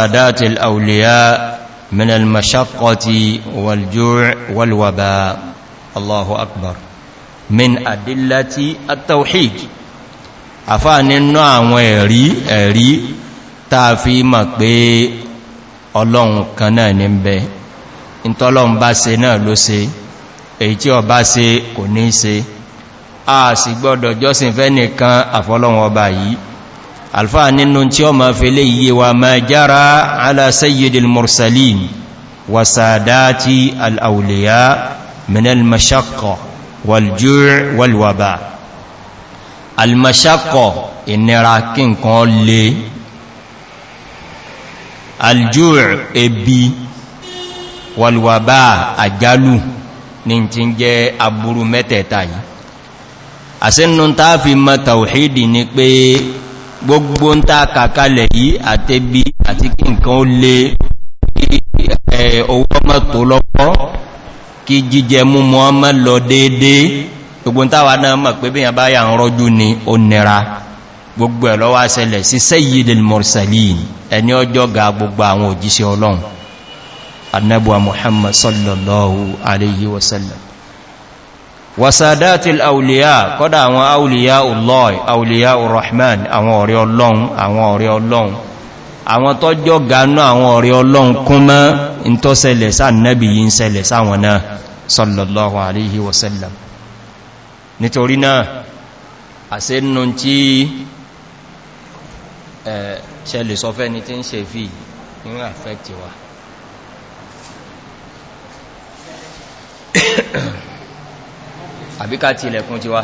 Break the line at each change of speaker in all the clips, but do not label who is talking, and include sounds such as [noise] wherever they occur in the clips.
عادات الأولياء من المشقة والجوع والوباء الله أكبر من أدلة التوحيد أفاني النوع ويري أري تافي مقبي ọlọ́run kan náà ní ń bẹ ìtọ́lọ́run bá se náà ló se èyí tí ọba se kò ní se a sì gbọ́dọ̀ jọ́sìn fẹ́ nìkan àfọ́lọ́run ọba yìí alfa nínú tí ó ma fi lè yíye wa ma jára ala sayyidil mursalin wa sadati al'auliya min al-mashakka wal-ju' wal-waba al-mashakka ìnira kí nǹkan lè al-ju' ebi wal-waba àjálù ní ti jẹ́ aburú mẹ́tẹ̀ẹ̀ta yìí ta fi ma tàwíìdì ni pé gbogbo ń ta kàkalẹ̀ yìí àtẹ́bí àti kí nǹkan ó lè owó ọmọ tó lọ́pọ̀ kí jíjẹ múmọ́ ọmọ lọ déédé gbogbo ń táwà náà mọ̀ pé bíyàn bá yà ń rọ́jú ni ó nira gbogbo ẹ̀ lọ́wọ́ sí sẹ́yìdìl muhammad sallallahu alaihi wasallam wàsádátí àwùlìyà kọ́dá àwọn àwùlìyà Allah àwùlìyà Rahman àwọn ọ̀rẹ́ ọlọ́run àwọn ọ̀rẹ́ ọlọ́run àwọn tọ́jọ́ ganú àwọn ọ̀rẹ́ ọlọ́run kún mọ́ in tó ṣẹlẹ̀ sáànẹ́bì yí ń ṣẹlẹ̀ sáwọn náà sallallahu [coughs] àbí ká ti ilẹ̀kùn tiwa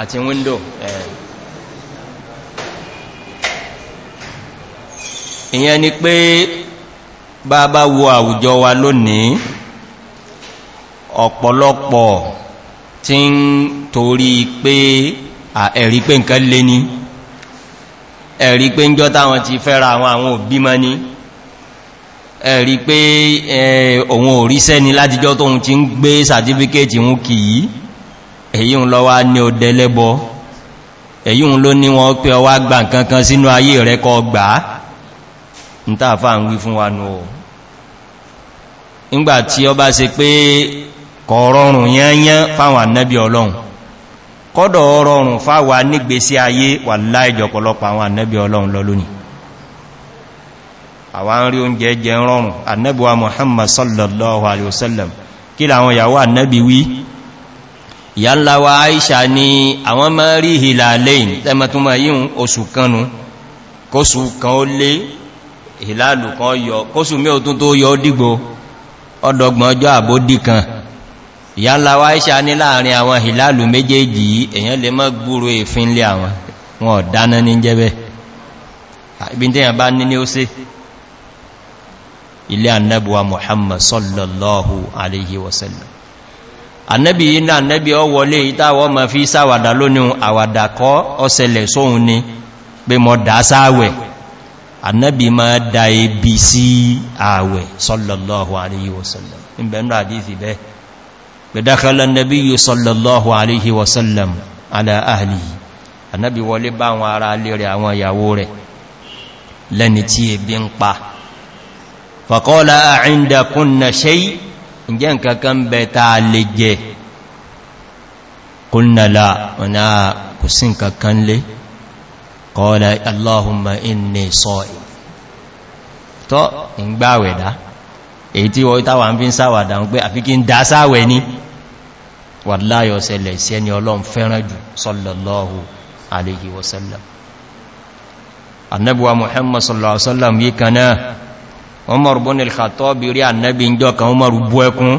àti wíńdò ẹ̀ ìyẹn ni pé bá bá wo àwùjọ wa lónìí ọ̀pọ̀lọpọ̀ tí ń torí pé ẹ̀rí pé nǹkan lé ní ẹ̀rí pé ń jọ táwọn ti fẹ́ra àwọn àwọn òbí mọ́ ní ẹ̀rí pé òun ò rí sẹ́ni látijọ́ tóun ti ń gbé sàtífíkẹ́tì ń kì yí èyí ń lọ wá ní ọdẹ lẹ́bọ èyí ń ló ní wọn pé ọwá gbà kankan sínú ayé rẹ kọ gbà á ń tàfà ń wí fún wa nù ọ̀ nígbàtí ọ bá se pé kọ̀ọ̀rọ̀rùn yányán fáwọn annabi ọlọ́run àwà ń rí oúnjẹ jẹ rọrùn annabuwa muhammad sallallahu alaihi wasallam kí làwọn ìyàwó annabi wí ìyá ńlá wa aisha ni àwọn mọ́ rí hìlàlẹ́yìn tẹ́mẹ́túnmọ̀ yíò oṣù kanu kóṣù kan ó lé hìlàlù kan yọ kóṣù mẹ́ òtún tó yọ dìgbò ọdọgbọ̀n ọjọ́ àbódì kan ìyá ńlá wa aisha ni láàrin àwọn hìlàlù méjèèjì èyàn lè mọ́ gbúrò èfin lé àwọn wọn ọ̀dáná ní jẹ́bẹ̀ ibi tí bá ní ní ó sí ilé annabuwa muhammad sallallahu alaihi wasallam annabi yìí na annabi ọ wọlé ìtawọ́ ma fi sáwàdà lónìí àwàdàkọ́ ọsẹlẹ̀ sóhun ni pé mọ́ dá sáwẹ̀ annabi ma da ibi sí àwẹ̀ sallallahu alaihi wasallam ìbẹ̀nà àdífì bẹ́ gbẹ̀dákàlá annabi yìí sallallahu alaihi wasallam ala ahli annabi wọlé bá àwọn ará lè rẹ̀ àwọn ìyàwó rẹ̀ lẹ́ni tí ebi ń pa fàkọ́lá àìndà kúnnà ṣe ìjẹ́ nkankan bẹ̀ta lè jẹ kúnnà la wọnà kò sí nkankan lè kọ́lá allahumma inni sọ́ì tọ́ ìgbàwẹ̀dá èyí tí wọ́n táwà ń fi ń sáwàdà ń pé àfi kí ń dá sáwẹ̀ ní wàláyọ̀ Umar ibn al-Khattab rí ànábì ìjọ kan Umar bú ẹkún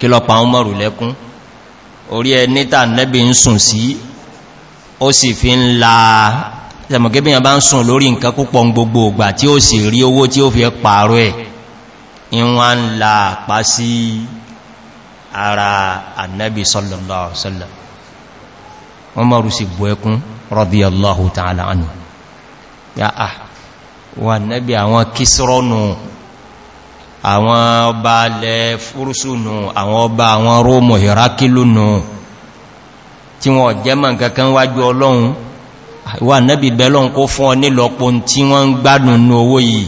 kí ló pa Umar lẹ́kún orí ẹni tà ànábì ń sùn sí ó sì fi ń la ṣẹmọ̀kẹ́ bí i bá ń sùn lórí nǹkan púpọ̀ gbogbo ìgbà tí ó sì rí owó tí ó fi pààrọ̀ ẹ̀ ya ah wà nẹ́bí àwọn kìsírọ́nù àwọn ọba alẹ́ fúrúsùnù àwọn ọba àwọn róòmù ìrákìlùnù tí wọ́n jẹ́ mọ̀ kankan wájú ọlọ́run wà nẹ́bí bẹ́lọ́n kó fún ọ nílọpọ̀ tí wọ́n ń gbádùn ní owó yìí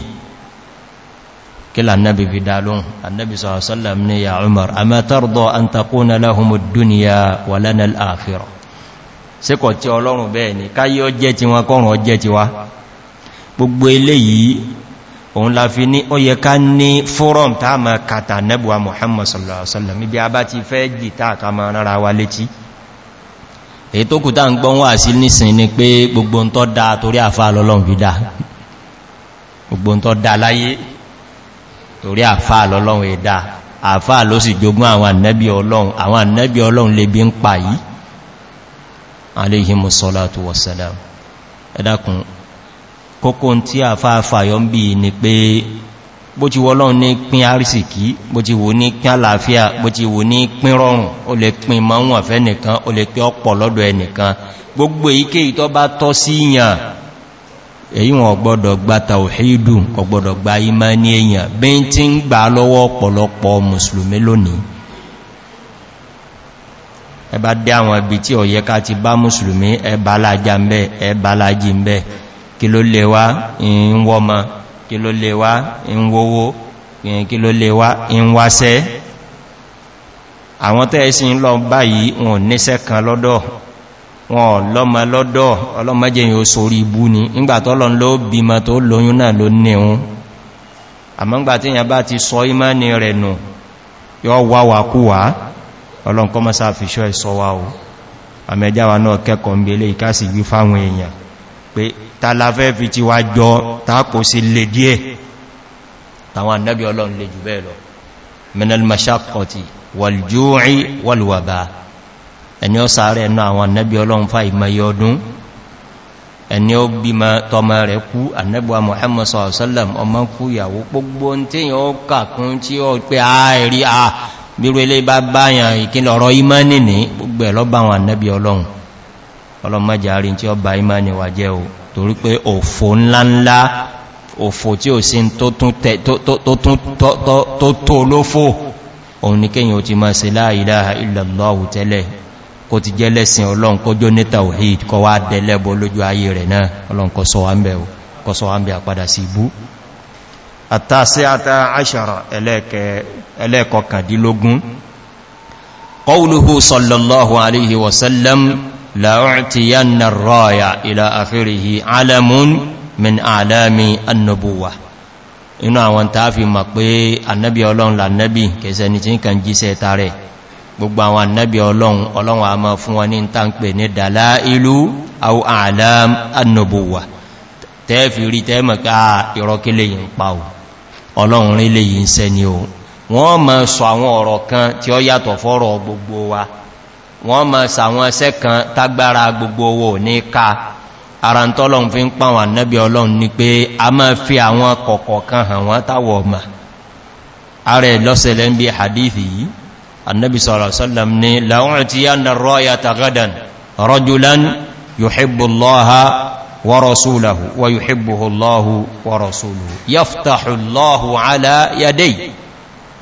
kí lànàbì fi dálóhun annabi sọ̀rọ̀sọ́lá ní ya umar a ni káyí ọjẹ́ ti wọn kọrùn ọjẹ́ ti wá gbogbo eléyìí òun la fi ní ó yẹ ká ní fórum tá ma kàtà nẹ́bùwa muhammad sallallahu alaihi wasallam ibi a bá ti fẹ́ jì táà ká ma rárá wa létí èyí tó kùtà ń gbọ́n wà sí nísìn ni pé gbogbo ń tọ́ dáa torí àfà lọ́lọ́n fi dáa gbogbo ń tọ́ dáa láyé torí àfà lọ́lọ́n è dáa àfà ló sì jogún àwọn ànẹ́bí ọlọ́run àwọn ànẹ́bí ọlọ́run lè bí ń pa yìí aléhìmùsọ́lá tó wọ̀sẹ̀dá ẹ̀dàkùn kókó tí a fàáfà yọ ń bí ni pé bó ti wọ́lọ́ ní pín àrísìkí bó ti wò ní pín àlàáfíà bó ti wò ní pín rọrùn o lè pín mọ́wọ̀n ọ̀fẹ́ nìkan o lè pín ọ̀pọ̀ lọ́dọ̀ ẹnìkan gbogbo ike ìtọ́ bá tọ́ sí yàn èyí wọn ọgbọ́dọ̀ àwọn ibi tí ọ̀yẹ́ká ti bá mùsùlùmí ẹbá ń bẹ́ ẹbá ń bẹ́ kí ló lè wá in wọ́mọ kí ló lè wá in wówó kí ló lè wá in wáṣẹ́ àwọn tẹ́ẹ̀sí ń lọ báyìí wọn níṣẹ́ kan lọ́dọ̀ wọn lọ́mọ lọ́dọ̀ ọlọ́mọjẹyìn ó sórí ibú ni ńgbàtọ́lọ́ ló bímọ tó lóyún náà ló níhun àmọ́ngbà tí yẹn bá ti sọ ìmáni rẹ̀ nù yọ wà wà kú wà ọlọ́nkọ́ fi ṣọ́ ẹ̀sọ́ wà ó àmẹ́jáwà náà kẹ́kọ̀ọ́ ń gbélé ìkásìgbí fáwọn èèyàn pé tàlàfẹ́ fi ti wá jọ tàkò sí lè díẹ̀ tàwọn annabi ọlọ́run lè jù bẹ́ẹ̀ lọ minal mashakoti waljúwí walwaba ẹni ó sáré ẹnu àwọn annabi ọlọ́run fa ìmọ̀yẹ ọdún ẹni ó bí ma tọmọ rẹ̀ kú annabuwa muhammad sallam ọmọ kú yàwó gbogbo tí yàn ó kàkún tí ó pé ààrí à bírú ilé bá báyàn ìkínlọ̀rọ̀ wà jẹ́ o torí pé òfò ńláńlá òfò tí ó sí tó tó lófò òun ní kíyàn ó ti máa se láàíláà ìlàláwù tẹ́lẹ̀ kó ti jẹ́ lẹ́sìn ọlọ́run kó jó ní tàwíd kọ wá dẹ̀lẹ́bọ̀ lójú ayé rẹ̀ náà ọlọ́run kọ sọ wá ń bẹ̀ àpadà sí ibú àtàṣí àtà àṣàrà ẹlẹ́ẹ̀kọ̀kàndínlógún qawluhu sallallahu لأعتين الراية إلى آخره علم من أعلام النبوة inú àwọn tàà fi mọ̀ pé annabi ọlọ́run lànàbí kẹsẹ̀ ní tí ń kàn jíṣẹ́ tààrẹ gbogbo àwọn annabi ọlọ́run ọlọ́run a máa fún wọn ní ta ń pè ní dàlá ìlú àwọn àlàm annabuwa tẹ́ẹ̀fì rí tẹ́ẹ̀mọ̀ ká ìrọkílẹ̀ ah, yìí ń pa ò ọlọ́run rí lè yìí ń sẹ́ ni ò wọ́n máa sọ àwọn ọ̀rọ̀ kan tí ó yàtọ̀ fọ́rọ̀ gbogbo wa wọ́n ma sàwọn ẹsẹ́ kan tágbára gbogbo owó ní ká ara tọ́lọ̀n fi ń pàwọn annabi ọlọ́run ni pé a ma fi àwọn kọ̀kọ̀ kan hàn wọ́n táwọ̀ ọmọ ààrẹ lọ́sẹ̀lẹ̀ ń bí hadithi yìí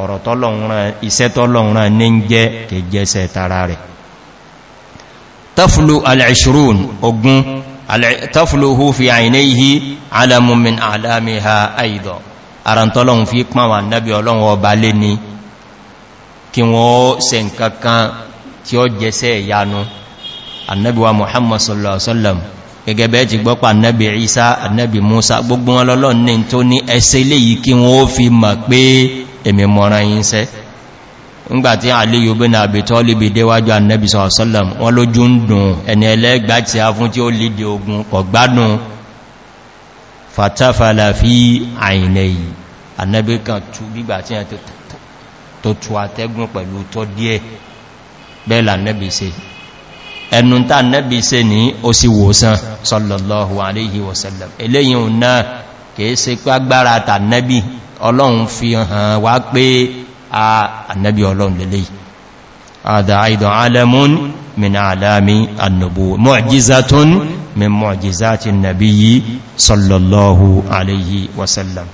ọ̀rọ̀ tọ́lọ̀unran iṣẹ́ tọ́lọ̀unran ní jẹ́ kẹjẹsẹ̀ tara rẹ̀ tafulu al'ashirun ogun tafulu hu fi àìníhí alamumin alamiha aidọ̀ arantọ́lọ̀un fi pàwọn annabi ọlọ́run ọba lé ní kí wọ́n se nkankan tí ó jẹsẹ̀ ìyanu annabi wa muhammad sallallahu alaihi wasallam gẹ́gẹ́ bẹ́ẹ̀ ti gbọ́pàá annabi isa annabi musa gbogbo wọn ní tó ní ẹsẹ́ ilé kí wọ́n fi mọ̀ pé èmì mọ́ra yìí sẹ́ ńgbàtí àlíyù bí na àbì tọ́lì bí déwájú annabi sọ́ọ̀sọ́lọ̀m wọ́n ló jú ń dùn ẹni ẹlẹ́gbà tí a fún tí ó lìdí ogun kọ̀gbádùn fatafala fi àìnẹ̀ yìí annabi kan tú gbígbà tí a tó tú atẹ́gùn pẹ̀lú tọ́ díẹ̀ bẹ́ẹ̀lá annabi se ẹnu tá annabi se ní ó sì wòsàn sọ́lọ̀lọ́hu ọlọ́run fi hàn wá pé a annabi ọlọ́run lélẹ̀ àdá àìdàn alamun min alami annabu mu'jizatun min mu'jizati nabiyyi sallallahu alayhi wasallam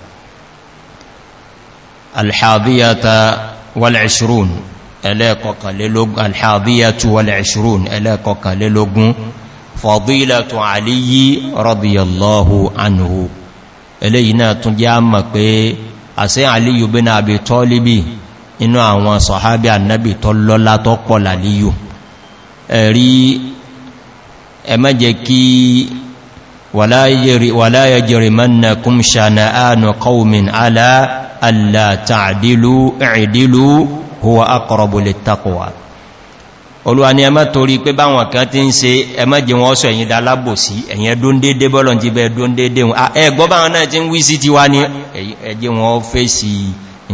alhadiyata wal-ishirun ẹlẹ́kọ̀kànlélógún fọ̀dílẹ̀tù àlíyí radiyallahu anhu eléyìí náà tún jẹ́ àmà pé àṣẹ àlíyù bí na àbí tọ́líbì inú àwọn sọ̀hábí annabi tó lọ́lá tó pọ̀ làlíyù ẹ̀rí ẹmẹ́jẹ kí wàláyẹ jẹ́rì mọ́nà kún ṣànà ánà kọ́wùmín alá àlàtàdílú ẹ̀ẹ̀dílú huwa akọrọ̀bùlẹ̀ takowa olúwa ni ẹmọ́ torí pé báwọn kan ti ń se ẹmọ́ jẹ wọn ọ́sọ̀ ẹ̀yìn dalábò sí ẹ̀yìn dóndédé bọ́lọ̀ ti bẹ dóndédé wọn ẹgbọ́ báwọn náà ti ń wí sí ti wá ní ẹjẹ́ wọn fèsì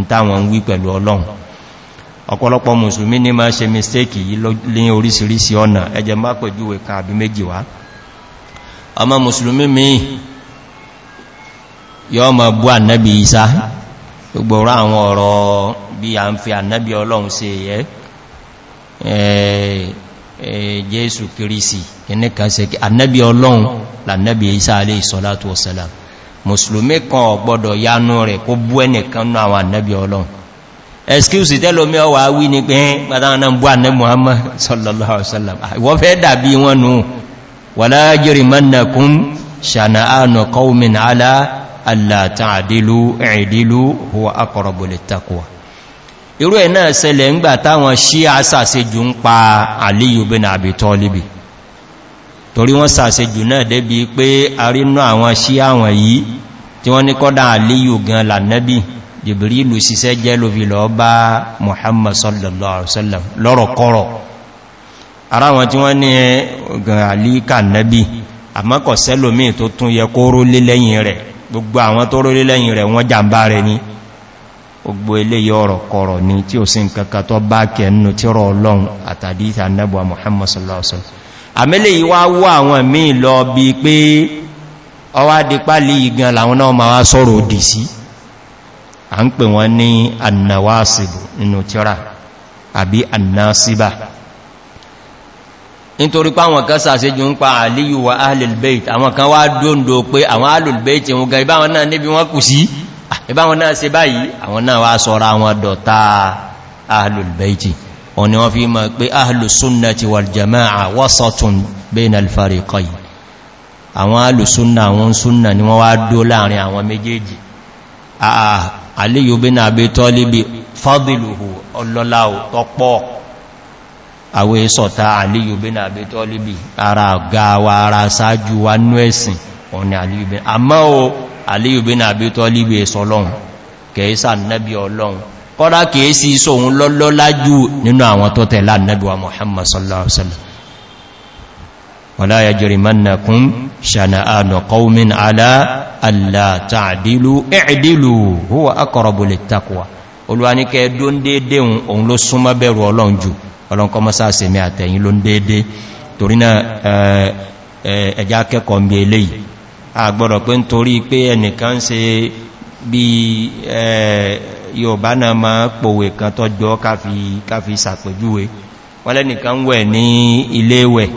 ìtàwọn wí pẹ̀lú ọlọ́run ọ̀pọ̀lọpọ̀ musulmi ní máa ṣe mistake isa gbogbo ọ̀rọ̀ àwọn ọ̀rọ̀ bí a ń fi ànábì ọlọ́run se yẹ́ Eh, eh, jésù kìrìsì kìnníkan sí annabi ọlọ́run lànàbí isa alẹ́ ìsọ́látù ọ̀sẹ̀lá musulmi kan ọ̀gbọ́dọ̀ yánú rẹ̀ kó bú ẹnìkan náà àwọn annabi ọlọ́run excuse tẹ́lómi ọwà wí ní pé pàtàkì náà bú annabi muhammad [laughs] sallallahu alaihi wasallam ah, ìwọ́n fẹ́ dàbí wọn nù wàlá jẹ́rì mannakun ṣànàánà kọ́wmin alá allá tàdílú huwa akọ̀rọ̀bùlẹ̀ takuwa irú ẹ̀ náà ṣẹlẹ̀ ńgbà táwọn Ṣíà ṣàṣejù ń pa Aliyu bin Abi Tọ́líbì torí wọ́n ṣàṣejù náà débi pé arínú àwọn Ṣíà wọn yìí tí wọ́n ní kọ́dá Aliyu gan lànẹ́bì Jibrilu ṣiṣẹ́ jẹ́ ló lọ bá Muhammad sallallahu alaihi wasallam lọ́rọ̀kọ́rọ̀ ara wọn tí wọ́n ní gan alíkà nẹ́bì àmọ́kọ̀ sẹ́lòmí tó tún yẹ kó rólé lẹ́yìn rẹ̀ gbogbo eléyìí ọ̀rọ̀ kọ̀rọ̀ ni tí ó sì ń kankan tó bá kẹnu tí rọ ọlọ́run àtàdí ìtànẹ́bùwa muhammad sallallahu alaihi wasallam àmìlẹ̀ yìí wá wọ́ àwọn míì lọ bí i pé ọwá dípá lè igan làwọn náà ma wá sọ́rọ̀ òdì sí à ń pè wọ́n ní annawasibu nínú tíra ìbáwọn ah, náà se báyìí àwọn náà wá sọ́ra wọn dọ̀ta ahlulbeiti wọn ni wọ́n fi mọ̀ pé ahlùsúnnà ti wà jama'a wasatun bain alfariqai àwọn ahlùsúnnà àwọn súnnà ni wọ́n wá dó láàrin àwọn méjèèjì àlèyòbí ah, na abé tọ́lébé fọ́dìlùhù ọlọ́láwò tọ́pọ̀ àwọ ìsọ̀ta àlèyòbí na àlíyùbínà àbítọ́ líbẹ̀ sọlọ́un kẹ̀ẹ́sà nẹ́bí ọlọ́un kọ́dá kẹ̀ẹ́sì sóhun lọ́lọ́lájú nínú àwọn tó tẹ̀lá nẹ́bíwa Muhammad sallallahu alaihi wasallam wala yajrimannakum shana'anu qaumin ala alla ta'dilu i'dilu huwa aqrabu littaqwa Olúwa ní kẹ́ dó ń déédé òun ló súnmọ́ bẹ̀rù Ọlọ́run jù Ọlọ́run kọ́ mọ́sá sẹ̀mí àtẹ̀yìn ló ń déédé torí náà ẹjá kẹ́kọ̀ọ́ mbẹ̀ eléyìí àgbọ̀rọ̀ pé ń torí pé ẹnìkan ṣe bí yọ̀bá náà ma pòwè kan tó jọ káfí sàpèjúwe wọ́n lẹ́nìkan wẹ̀ ní ilé wẹ̀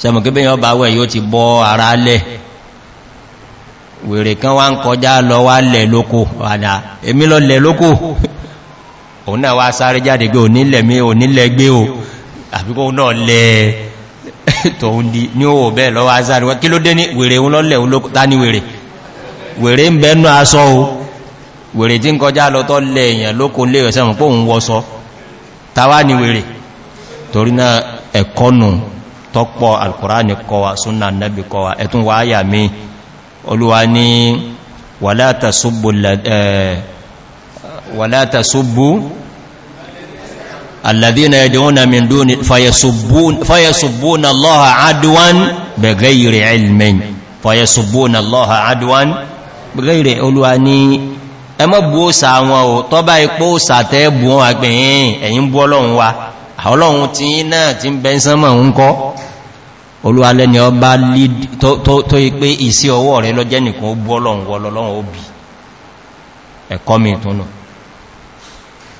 sẹmọ̀kébé yọ bá wẹ̀ yóò ti bọ́ ara lẹ̀ wèrè kan wá ń kọjá lọ wá lẹ̀ lóko àdá èmi lọ lẹ̀ lóko òun náà wá sáré jáde gbé onílẹ̀ mi onílẹ̀ gbé o àbíkó náà lẹ́ẹ̀ [laughs] tòun di ní owó bẹ́ẹ̀ lọ́wọ́ azari wọ́n kí ló dé ní wèrè òun lọ́lẹ̀ olókúta ní wèrè wèrè ń bẹ́ẹ̀ náà sọ o wèrè tí ń kọjá lọ́tọ́ lẹ èèyàn lókò lè rẹ̀ sẹ́mù pòun wọ́sọ tàwà ní الذين يدعون من دون فيسبون, فيسبون الله عدوا بغير علم فيسبون الله عدوا بغير علواني ẹmọ́ bú òsà wọn ò tọ́ bá ipò òsà tẹ́ bú wọn àgbẹ̀yìn ẹ̀yìn bú ọlọ́run wa ọlọ́run tí náà ti ń bẹ́ ń sánmọ̀ ń kọ́ olúwalẹ́ni ọba tó yí pé ìsí ọwọ́ rẹ lọ́jẹ́ nìkan ó bú ọlọ́run wọ́ ọlọ́run ó bì ẹ̀kọ́ mi túnnù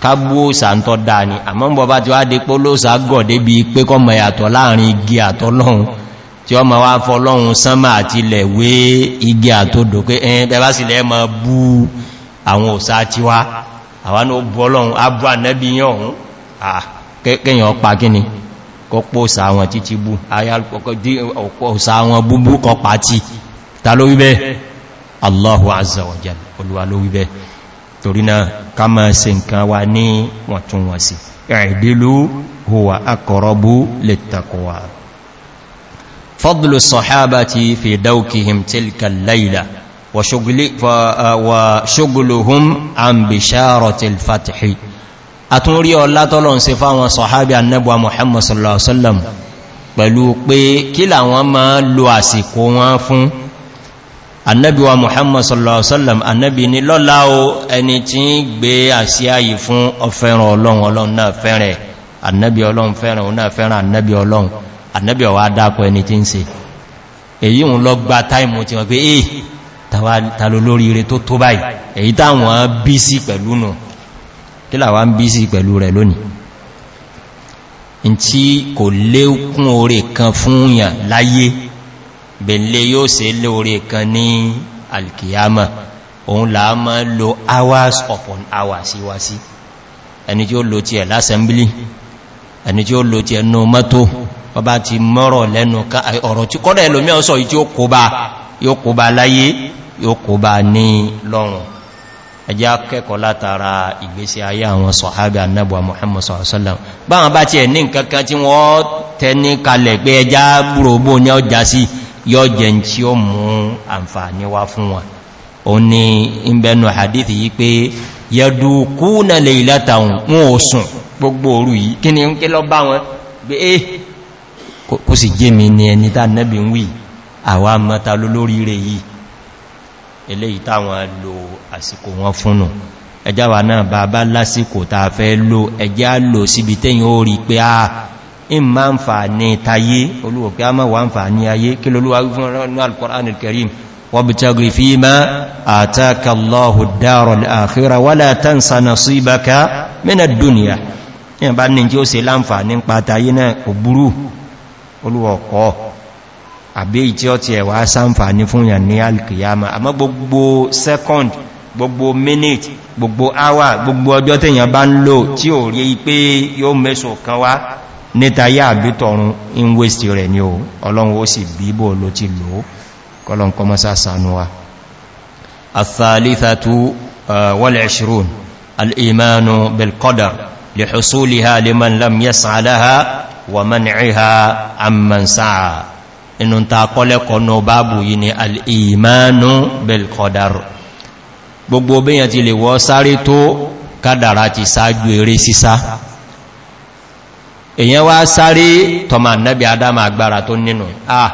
kágbó sàntọ́ dáa ni àmọ́ ń bọ̀ bá ti wá dé pó ló sàgọ̀ débi pé kọ́ mọ̀ yàtọ̀ láàrin igi àtọ́lọ́hun tí ọmọ wá fọ́lọ́hun sánmà àti ilẹ̀ wé igi àtọ́dò pé ẹn bẹ́bá sì lẹ́ mọ́ bú àwọn òsà ti wá àwọn obọ́lọ́hun abú ànẹ́bí yàn ọ̀hún torí náà ká ma se nǹkan wa ní wọ̀túnwọ̀sí ẹ̀ẹ̀dìlú huwa akọ̀rọ̀bú lè takọwà fọ́dùlù sọ̀hábà ti fi dáukihim tilkal laila wa ṣoguluhun an bisharo tilfatihi a tún rí ọlá tọ́lọ̀ ń se fáwọn sọ̀hábì annabuwa muhammadu sallallahu alaihi wasallam pẹ̀lú pé kí làwọn máa lo àsìkò wọn fún annabi wa muhammad sallallahu alaihi wasallam annabi ni lọ́la o ẹni tí ń gbé àsíá yìí fún ọfẹ́ràn ọlọ́run ọlọ́run náà fẹ́rẹ̀ annabi ọlọ́run fẹ́ràn ọ̀nà fẹ́ràn annabi ọlọ́run annabi ọwá dákọ ẹni tí ń se eyi ń lọ gba time tí wọ́n pé eh wa ta ire tó tó to èyí táwọn bí sí pẹ̀lú nù kí làwọn bí sí pẹ̀lú rẹ̀ lónìí in tí kò lékún orí kan fún yàn láyé bèèlé yóò se lóore kan ní alkiyama òun làá lo hours upon hours síwásí ẹni tí ó lo ti ẹ̀ lásẹ̀mbílì ẹni tí ó lo ti ẹnu mọ́tò ọba ti mọ́rọ̀ lẹ́nu ọ̀rọ̀ tí kọ́dẹ̀ ẹlòmí ọ̀sọ̀ yìí tí ó kóbá yóò kóbá láyé yóò kóbá ní lọ́rùn ẹjá kẹ́kọ̀ọ́ látara ìgbésí ayé àwọn sọ̀hábà annabuwa muhammad sọ̀rọ̀sọ́lá báwọn bá ti ẹ̀ ní nkankan tí wọ́n tẹ́ ní kalẹ̀ pé ẹjá gbùrògbò ní ọjà sí yọ jẹ tí ó mú àǹfààní wá fún wọn o ní ìbẹnu hadith yí pé yẹ̀dù kúnà lè látàun wọn ò sùn gbogbo òru yìí kí ni ń ké lọ bá wọn gbé e kó sì jẹ́ mi ní ẹni tá nẹ́bí ń wí àwá mọ́ta lólórí rẹ̀ yìí eléyìí táwọn lo àsìkò wọn fúnnù ẹjáwà náà bàbá lásìkò tàà fẹ́ lo ẹjá lò síbi tẹ́yìn ó rí pé a ah, in ma ń fa ní tayé olúwò pé a máa wà ń fa ní ayé kí lolúwa fún ọ̀nà alkùnrin alkarim wàbùtagri fi ma a taka allahu dára al'akhira wala tan sana su ibaka mina duniya in ba ní kí ó se láǹfàní ń pata yí náà kò burú kọ́ nítayá àbí tọrun in waste rẹ̀ ni o ọlọ́run ó sì bíbò ló ti lò kọlọ̀n kọmọ sásánú wa الثالثة والعشرون الإيمان بالقدر لحصولها لمن لم يسعى لها ومنعها عمن سعى inú ta kọ́lẹ́kọ́ ní báàbù yìí ni al'imánu belkọ̀dárù gbogbo bí yẹn ti lè wọ́ sáré tó kádàrá ti sáájú eré sísá èyàn wá sáré tọ́mà nẹ́bí adama agbára tó nínú ah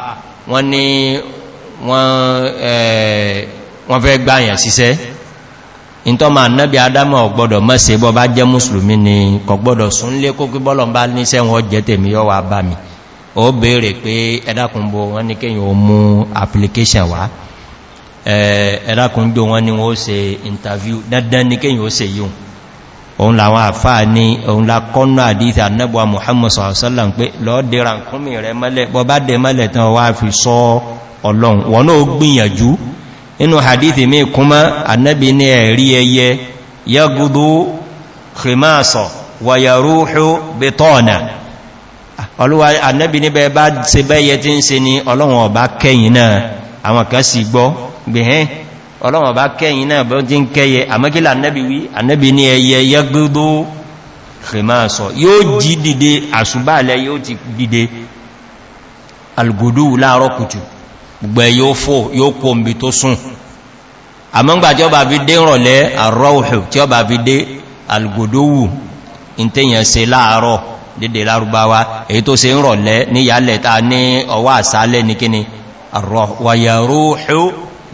wọ́n ni wọ́n fẹ́ gbáyàn síṣẹ́ ìntọ́mà nẹ́bí adama ọ̀gbọ́dọ̀ mẹ́sẹ̀ bọ́ bá jẹ́ musulmi ni kọ̀gbọ́dọ̀ súnlé kókí bọ́lọ̀ bá níṣẹ́ wọn jẹ́ tèmi yọ́ wa bá mi ó bèèrè pé ni wọ́n interview dandan ní kíyàn òun làwọn àfáà ní òun la kọ́nà àdíta annabuwa muhammad sallallahu pé lọ́dẹ̀ra kúnmí rẹ mọ́lẹ̀ bọ́ bá dẹ̀ mọ́lẹ̀ tán wá fi sọ ọlọ́run wọ́n náà gbìyànjú inú hadithi mí kúnmọ́ annabi ní ẹ̀rí ẹyẹ yagudu khimaso wayaruhu betona olúwa annabi níbẹ̀ bá ọlọ́wọ̀n bá kẹ́yìn náà bọ́ jí ń kẹ́yẹ àmọ́kílà annabi wí annabi ní ẹyẹ yẹgbógbó rìmáàsọ yóò jí dìde àṣùbálẹ̀ yóò ti dìde algodó láàrọ kùtù gbẹ̀ yóò fò yóò kó mbi tó sùn àmọ́ngbà tí ó bá fi dé rọ̀lẹ́ àrọ́wù tí ó bá fi dé algodó wù in tẹ́yàn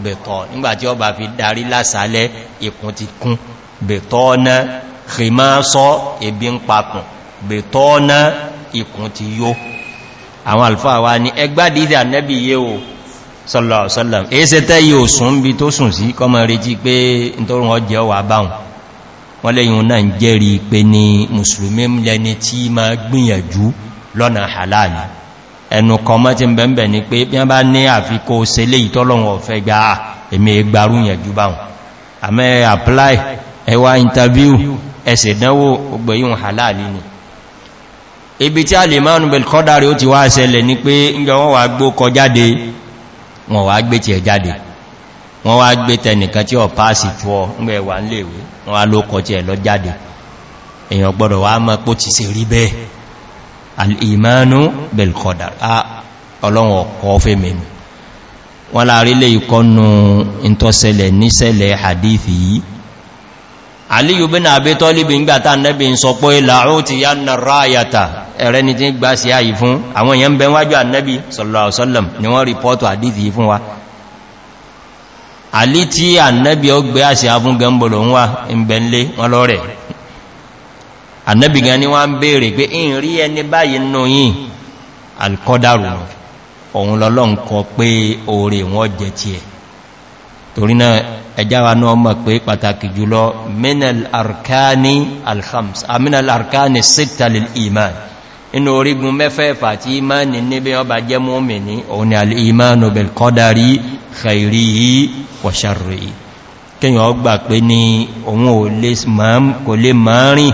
bẹ̀tọ̀ nígbàtí ọba fi darí lásàálẹ́ ìkùn ti kún bẹ̀tọ́ ọ́nà kìmá sọ ebi ń papùn bẹ̀tọ́ ọ́nà ìkùn ti yó àwọn alfáà wa ni ẹgbádìí ànẹ́bì yé o sọ́lọ̀sọ́lọ̀m èése tẹ́ yíò sùn bí tó sùn sí kọmọ retí pé nítorùn ọjẹ́ wà báhùn wọ́n lẹ́yìn náà ń ẹnu kọmọ́ ti ń bẹ̀m̀bẹ̀ ni pé bí a bá ní àfikò sílé ìtọ́lọ́wọ̀n ọ̀fẹ́ gba èmì ìgbàrún yẹn jú báhùn àmẹ́ apply ẹwà interview ẹsẹ̀ ìdánwò ogbẹ̀ yíò ni ibi tí a lè máa nùbẹ̀ kọ́dàrí ó ti wá ṣẹlẹ̀ ni pé ǹjọ wọ́n wá gbó kọ jáde wọ́n wá lọ ti al'imanu belkọdar a ọlọ́wọ̀ ọkọ̀ fẹ́ mẹ́nu wọ́n láàrí lè kọ́nù ìntọ́sẹlẹ̀ níṣẹlẹ̀ hadithi yìí aliyu bin abi tọ́líbi ń gbàtà nẹ́bí ń sọ pé láàrù ti yá na ráyàtà ẹ̀rẹ́ ni ti gbá sí àyí fún àwọn èèyàn bẹ wájú ànẹ́bí sọ̀lọ̀sọ́lọ̀m ni wọ́n rìpọ́tù àdíthì fún wa alí tí ànẹ́bí ó gbé àṣíyà fún gẹ́mbòlò wọn lọ́rẹ̀ annabigan ni wọ́n bèèrè pé in rí ẹni báyìí nù yìí alkọ́dàrù òun lọ́lọ́n kọ pé oore wọ́n jẹ ti ẹ̀ torí náà ẹjá wa náà mọ̀ pé pàtàkì jùlọ minal arkani alhams aminal arkani siktalil iman inú orígun mẹ́fẹ́fà tí imani níbi ọba jẹ́ mọ́mìnì òun ni al'imanu bel kọ́dàrí khairihi wa kíyàn ọgbà pé ní òun ò lè máa rìn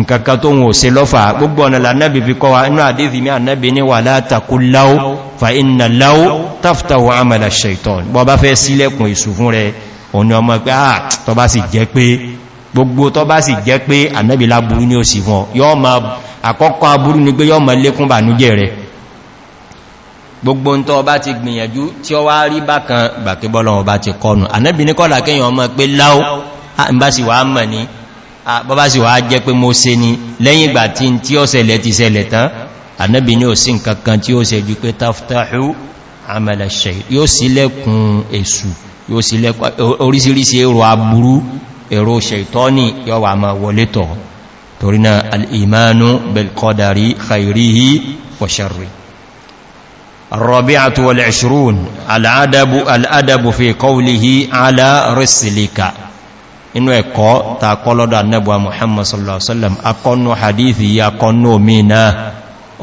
nkankan tó wọn ò se lọ́fà gbogbo ọ̀nà lànàbì fi kọwa inú àdífì ní ànàbì ní wà látàkú láó fa iná láó taftahu amala shaitan bọ́ bá fẹ́ sílẹ̀kùn ìsù fún rẹ òní ọmọ pé à ah, tọ́ bá sì jẹ́ pé gbogbo tọ́ bá sì jẹ́ pé ànàbì láburú ní òsì fún àkọ́kọ́ aburú ni pé yọ́mọ lékún bànújẹ́ rẹ̀ gbogbo ntọ́ Ah, bọ́bá sì wá jẹ́ pé mo se ni lẹ́yìn ìgbà tí n tí ó sẹlẹ̀ ti sẹlẹ̀ tán ànábì ní ò sí nkankan tí ó sẹ ju pé taftahu amalẹ̀ṣẹ̀ yóò sí lẹ́kùn èsù orísìírísìí èrò aburú èrò ṣẹ̀tọ́nì yọwà ma wọlé tọ̀ torínà al'imanu belkọdari khairihi wọ̀ṣarri الرابعة والعشرون الأدب, الأدب في قوله على رسلك inú ẹ̀kọ́ ta kọlọ́dọ̀ annabuwa muhammad sallallahu alaihi wasallam akọnu hadithi ya kọnu omina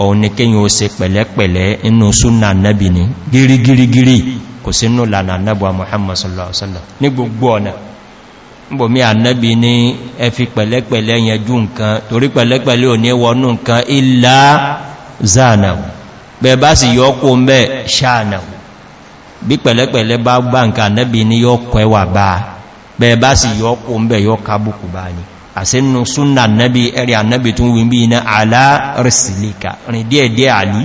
òun ni kíyàn ó se pẹ̀lẹ́pẹ̀lẹ́ inú súnà annabi ni gírígírígírí kò sínú lànà annabuwa muhammad sallallahu alaihi wasallam ní gbogbo ọ̀nà níbòmí annabi ni ẹ fi pẹ̀lẹ́pẹ̀lẹ́ yẹjú nǹkan torí pẹ̀lẹ́pẹ̀lẹ́ ò ní wọnú nǹkan ilá zanahu bẹ bá sì yọ kó mẹ́ bẹ́ẹ̀ bá sì yọ́ kó ń bẹ̀ yọ́ kábùkù bá ní àsínú súnà nábi ẹ̀rẹ̀ ànábi tó ń wí bí iná aláàrẹsìlíkà rìn díẹ̀díẹ̀ àlí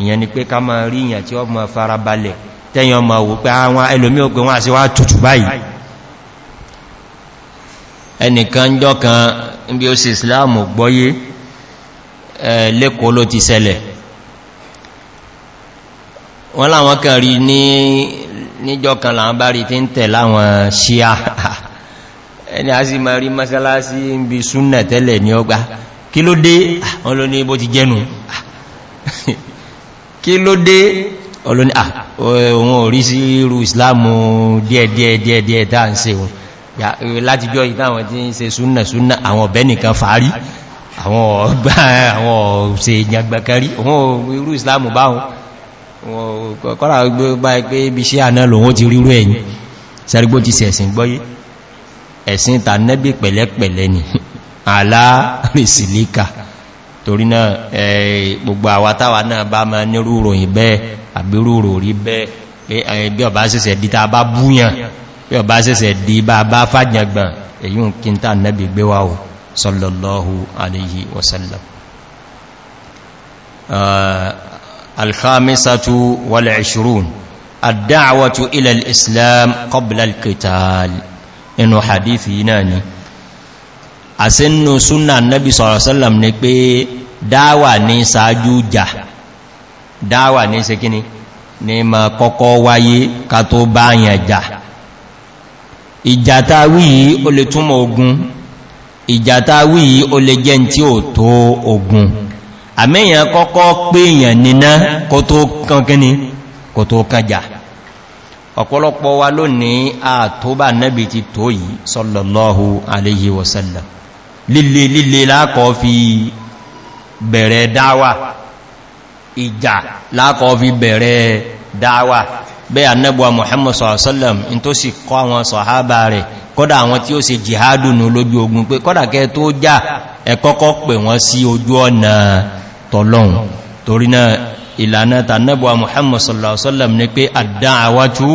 ìyẹn ni pé ká máa rí ìyàn tí ó mọ́ farabalẹ̀ tẹ́yàn ma wò pé àwọn ah, ẹlòmí òpin wọ́n àti wá tutù báyìí ẹnìkan wọ́n láwọn kan rí ní níjọ kan làwọn bá rí tí ń tẹ̀ láwọn ṣíà ẹni a sì máa rí mọ́sálásí ń bí súnnà tẹ́lẹ̀ ní ọgbá kí ló dé ọlọ́ni bó ti jẹ́nu kí ló dé ọlọ́ni àwọn orí sí irú islamu díẹ̀díẹ̀díẹ̀ tá ń se wọn láti jọ ìtàwọn tí ń se súnnà súnnà àwọn ọ̀bẹ́ nìkan fàárí àwọn ọ̀gbà àwọn ọ̀sẹ̀ ìjàgbàkarí òun islamu báhùn kọ́lá gbé báyìí pé ibi ṣe àná lòun ti rírú ẹ̀yìn sẹ́rígbó ti sẹ̀sìn gbọ́yé ẹ̀sìn ta nẹ́bí pẹ̀lẹ́pẹ̀lẹ́ ni aláàrẹ̀sìlíkà torí náà gbogbo àwátáwà náà bá ma nírú ròyìn bẹ́ẹ̀ àbírú ròrí bẹ́ẹ̀ bí ọba sẹ́sẹ̀ di ta bá búyàn bí ọba sẹ́sẹ̀ di bá bá fàjẹgbọ̀n èyí ń kí ta nẹ́bí gbé wá o sallallahu alayhi wasallam alkhamisatu wal 20 ad-da'watu ila al-islam qabla al-qital inú hadithi náà ni asinu sunna nabi sallallahu alaihi wasallam ní pé dawa ni ṣáájú ja dawa ni ṣe kíni ni ma kọ́kọ́ wáyé ká tó bá yan ja ìjàta wí ó lè túmọ̀ ogun ìjàta wí ó lè jẹ́ n tí ó ogun mm -hmm àmẹ́yàn kọ́kọ́ péèyàn nìna kò tó kankini kò tó kàjà ọ̀pọ̀lọpọ̀ wa lónìí àtóbà nẹ́bì ti tó yìí sọ́lọ̀lọ́hu aléyí wọ̀sẹ̀lẹ̀ líle líle lákọ̀ fi bẹ̀rẹ̀ dáwà ìjà lákọ̀ fi bẹ̀rẹ̀ dáwà bẹ́ anẹ́bùwa mohamed sọ̀rọ̀sọ́lẹ̀m in tó sì kọ́ àwọn sọ̀hábà rẹ̀ kọ́dà àwọn tí ó se tọ́lọ́un torí náà ìlànà tànàbà muhammad sallallahu alaihi wasallam ní pé àdáwàtú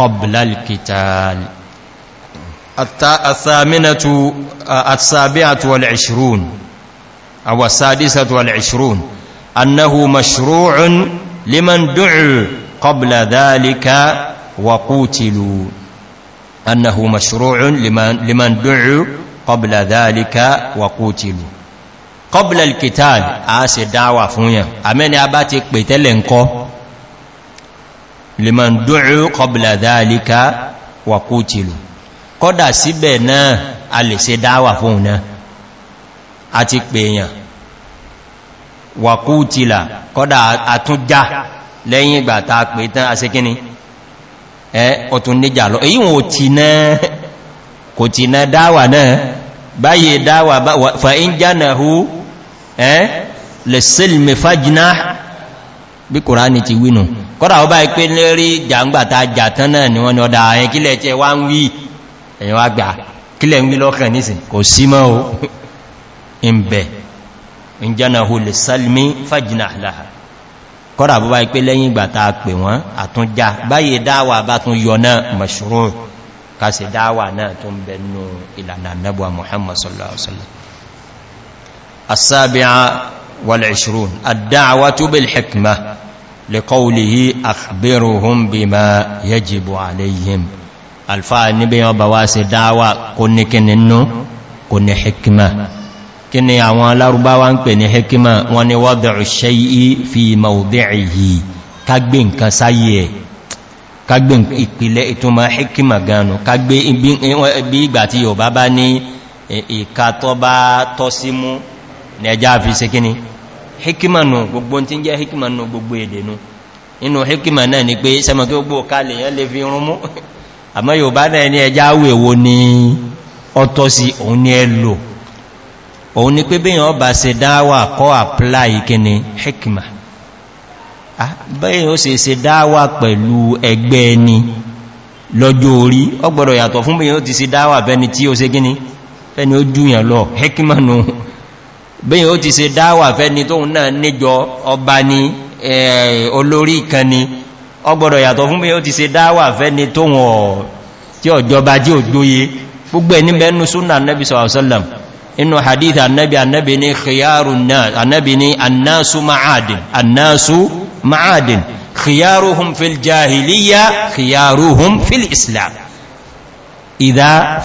qoblalkital السابعة والعشرون أو السادسة والعشرون أنه مشروع لمن دعوا قبل ذلك وقوتلوا أنه مشروع لمن, لمن دعوا قبل ذلك وقوتلوا kọbílẹ̀ alkitab a ṣe dáwà fún yàn àmẹ́ni a bá ti pè tẹ́lẹ̀ ǹkọ́ lè mọ̀ dúrú kọbílẹ̀ dáalíká wà kú tìlù kọ́dà síbẹ̀ náà a lè ṣe dáwà fún náà a ti pè yàn wà kú tìlà kọ́dà kò tì náà dáwà náà báyìí dáwà fa in jánà hú ẹ́ lẹ́sẹ̀lẹ̀mẹ́ fàjínà bí kòránì ti wínú kọ́dà ọba ipé lérí jàǹgbàta jàtán náà ni wọ́n ni ọdá àyẹn kílẹ̀ tẹ wá ń wí ẹ̀yàn wá gbà kílẹ̀ ń wí lọ́kàn nísìn kò sí mọ́ o [laughs] ń bẹ̀ ń jẹ́nà hù lè sálmi fàjínà láà kọ́dà bọ́bá السابعة والعشرون الدعوة بالحكمة لقوله أخبرهم بما يجب عليهم الفاء النبي وبواس دعوة كن كننو كن حكمة كن يعوان الأربع وانكن حكمة وان وضع الشيء في موضعه كاكبين كسايه kagbé ìpìlẹ̀ ìtumọ̀ hikima ganu kagbé ibi ìgbà tí yóò bá bá ní ìka tọ́ bá tọ́ ní ẹjá fi ṣe kíní hikimanu gbogbo tí ń jẹ́ hikimanu gbogbo èdènú inú hikima náà ni pé sẹ́mọ̀ gbogbo kalẹ̀ yẹn lè fi rún mú [laughs] àmọ́ yóò bá náà ní ẹjá wèwo ní ọtọ́ sí òun ní ẹlò òun ni pé bíyàn ọba se dáwà kọ́ apply kíní hikima bẹ́yìn ó se dáwà pẹ̀lú ẹgbẹ́ lọ́jọ́ orí ọgbọ̀rọ̀ yàtọ̀ fún bíyàn ó ti se dáwà fẹ́ni tí ó se gíní bíyàn ó ti se dáwà fẹ́ni tóun náà níjọ ọba ni olórí kan ni ọgbọ̀dọ̀ yàtọ̀ fún bíyàn ó ti se dáwà fẹ́ni tóun tí ọjọba jí ògbóye gbogbo ẹni bẹnu súnà annabi sọ̀rọ̀sọ́lọ̀m inú hadith annabi annabi ni khiyaru annabi ni annasu ma'adin annasu ma'adin khiyaruhum fil jahiliya khiyaruhum fil islam idha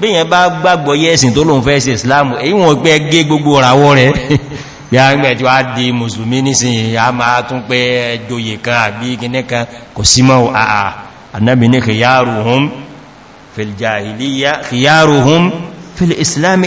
bíyàn bá gbàgbọ́ yẹ́sìn tó lóun fẹ́ sí islamu èyí wọn pẹ́ gé gbogbo ràwọ́ rẹ̀ ya ń gbẹ̀ tí wá di musulmi nísìn ya máa tún pé joyè kan àbí gínẹ́ kan kò sí mọ́ àà annabi ní khiyaruhum fil jahiliya khiyaruhum fil islami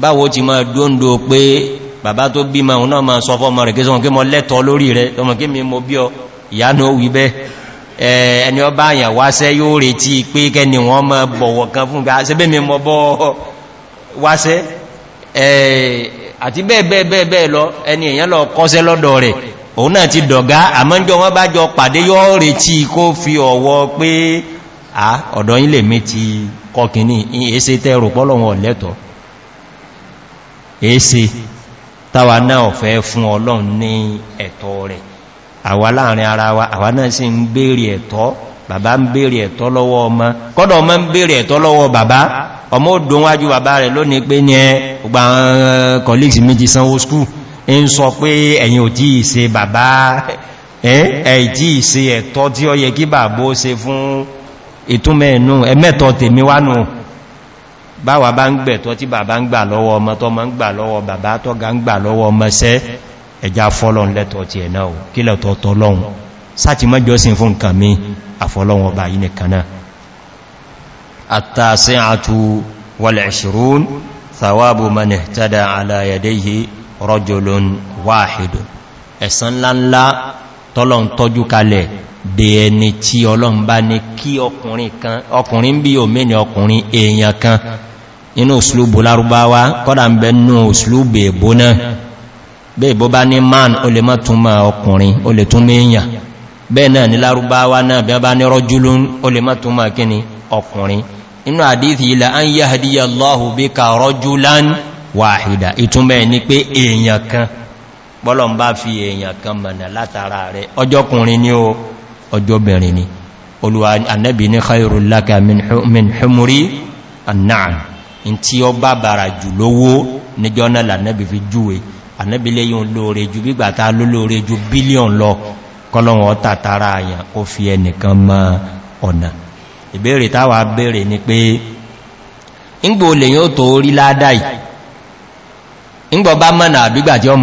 báwo ti máa dóndó pé bàbá tó bí ma náà ma sọ fọ́mọ rẹ̀ kéṣọ́ kí mọ lẹ́tọ̀ lórí rẹ̀ tọmọ kí mi mọ bí ọ ìyánú wí bẹ́ ẹni ọba àyàn wáṣẹ́ yóò retí pé kẹni wọ́n ma bọ̀wọ̀ kan fún gbá sẹ́bẹ́ mi mọ bọ́ wáṣẹ́ àti bẹ́ẹ̀bẹ́ẹ̀bẹ́ẹ̀ lọ ẹni èyàn lọ kọkìní èése tẹ́rù pọ́lọ̀wọ̀n lẹ́tọ̀ọ́ èése táwa náà fẹ́ fún ọlọ́run ní ẹ̀tọ́ rẹ̀ àwa láàrin ara wa àwa náà sì ń bèèrè ẹ̀tọ́ bàbá ń bèèrè ẹ̀tọ́ lọ́wọ́ ọmọ kọ́dọ̀ ọmọ ń bèèrè ẹ̀tọ́ lọ́wọ́ bàbá ọmọ òdùn wájú bàbá rẹ̀ lónìí pé ní ọgbà eh, colleagues méjì se fún ìtúnmẹ̀ ẹ̀nù ẹ̀mẹ́tọ̀ tèmi wánù báwà bá ń gbẹ̀tọ́ tí bàbá ń gbà lọ́wọ́ ọmọ tó mọ́ ń gbà lọ́wọ́ bàbá tó ga ń gbà lọ́wọ́ ọmọ sẹ́ ẹja fọ́lọ́n lẹ́tọ̀ ti ẹ̀nà ò kí lẹ́tọ̀ tọ́lọ́un sáti mọ́jọ́sìn fún nǹkan mi àfọ́lọ́wọ́ ọba yìí nìkan náà thawabu mani tada alayadéyé rọ́jọ́lọ́n wáhìdù ẹ̀sán ńláńlá tọ́lọ́n tọ́jú kalẹ̀ dé ẹni tí ọlọ́mbá ní kí ọkùnrin bí òmìnir ọkùnrin èèyàn kan inú òsìlúbò lárúbáwá kọ́dà ń bẹ nú òsìlúbò èbó náà bẹ́ ìbó bá ní man o lè mọ́tún ma ọkùnrin o lè tún méyàn bẹ́ẹ̀ náà ní lárúbáwá náà bẹ́ bá ní rọ́júlú o lè mọ́tún ma kíni ọkùnrin inú àdíthì ilẹ̀ an yá hadíyà lọ́hù bí ka rọ́júlán wàhìdà ìtúnbẹ̀ ní pé èèyàn kan bọ́lọ̀n bá fi èèyàn kan mọ̀nà látara rẹ̀ ọjọ́kùnrin ní o ọjọ́bìnrin ni olùwà annabi ní khairu laka min humri annáàmì in tí ó bá bàrà jù lówó níjọ́ náà lànẹ́bì fi ju ju lọ kọlọ́wọ́n tàtàrà àyàn kó fi ẹnìkan ma ọ̀nà ìbéèrè táwà béèrè ni pé ìgbò ole yóò tó rí ládáì ìgbò bá àbígbà tí ó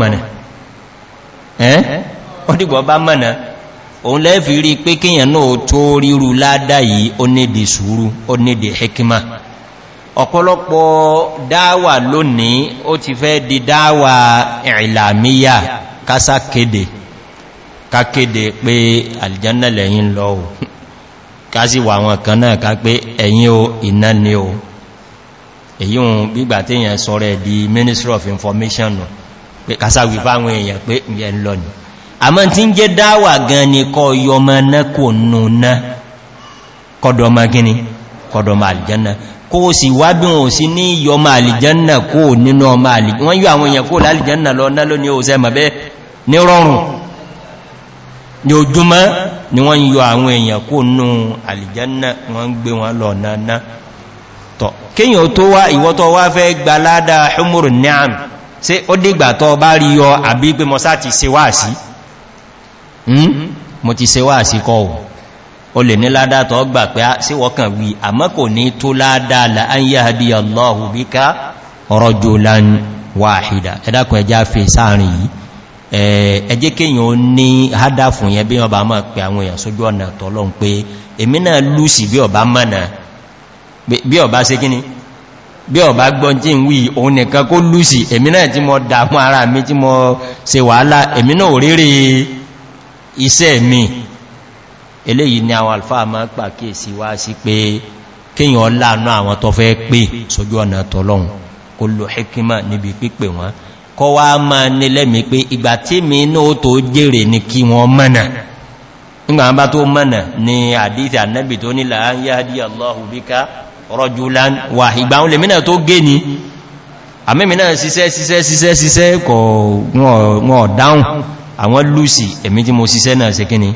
ẹ́ bá òun rí pé kíyàn náà tó ládáì ó hekima ọ̀pọ̀lọpọ̀ dáwà lónìí ó ti fẹ́ di dáwà ìlàmíyà kásá kéde kákéde pé aljanna lẹ́yìn lọ o kásí wà wọn kan náà ká pé ẹ̀yìn o iná ni o èyí ohun gbígbà tí èyàn sọ rẹ̀ di ministry of information pé kásá wí fáwọn èèyàn pé ìyẹn lọ ni àmọ́ tí ń jẹ́ dáwà gan ni kọ yọmọ náà kò nù náà kọ́dọ̀mọ́ gíní kọ́dọ̀mọ́ aljanna kó sì wádùn ò sí ní yọ ma àlìjánà kó nínú ọmọ àlìjánà wọ́n yíò àwọn èèyàn kó lálìjánà lọ náà lónìí ò sẹ́mà ní rọrùn ní ojúmọ́ ni wọ́n yíò àwọn èèyàn kó nú àlìjánà wọ́n ń gbé wọn lọ náà tọ́ kíyàn tó wá ìwọ́tọ́ wá fẹ́ gba ládá humuru niam sí ó dìgbà tọ́ bá rí yọ àbí pé mọ́sá ti se o lè ní ládá tó gbà pé sí wọ́kàn wí àmọ́ kò ní tó ládá láàáyà bí allahu bí ká rọjò lan wáhìdá ẹ̀dàkùn ẹjá fi sáàrin yìí ẹjẹ́ kíyàn ó ní hádá fún yẹn bí wọ́n bá mọ́ pé àwọn èèyàn sójú ọ̀nà tọ́lọ́n bí ọba mọ́nà ń wí òun nìkan kó lúsì èmi náà tí mo dà fún ara mi tí mo se wàhálà èmi náà ò rírì iṣẹ́ mi eléyìí ni àwọn alfáà máa pà kíèsí wá sí pé kíyàn láàánú àwọn tó fẹ́ pé sójú ọ̀nà tọ́lọ́hun kó lò hikima níbi pípè wọn kọ́ wá máa ní lẹ́mí pé ìgbà tí mi ní ó tó jèrè ní kí wọ́n mọ́nà nígbà bá tó mọ́nà ni àdíthì annabi tó nílà ń yá dí allahu bíká rọ́júlán wà ìgbà oun lè mínà tó gé ni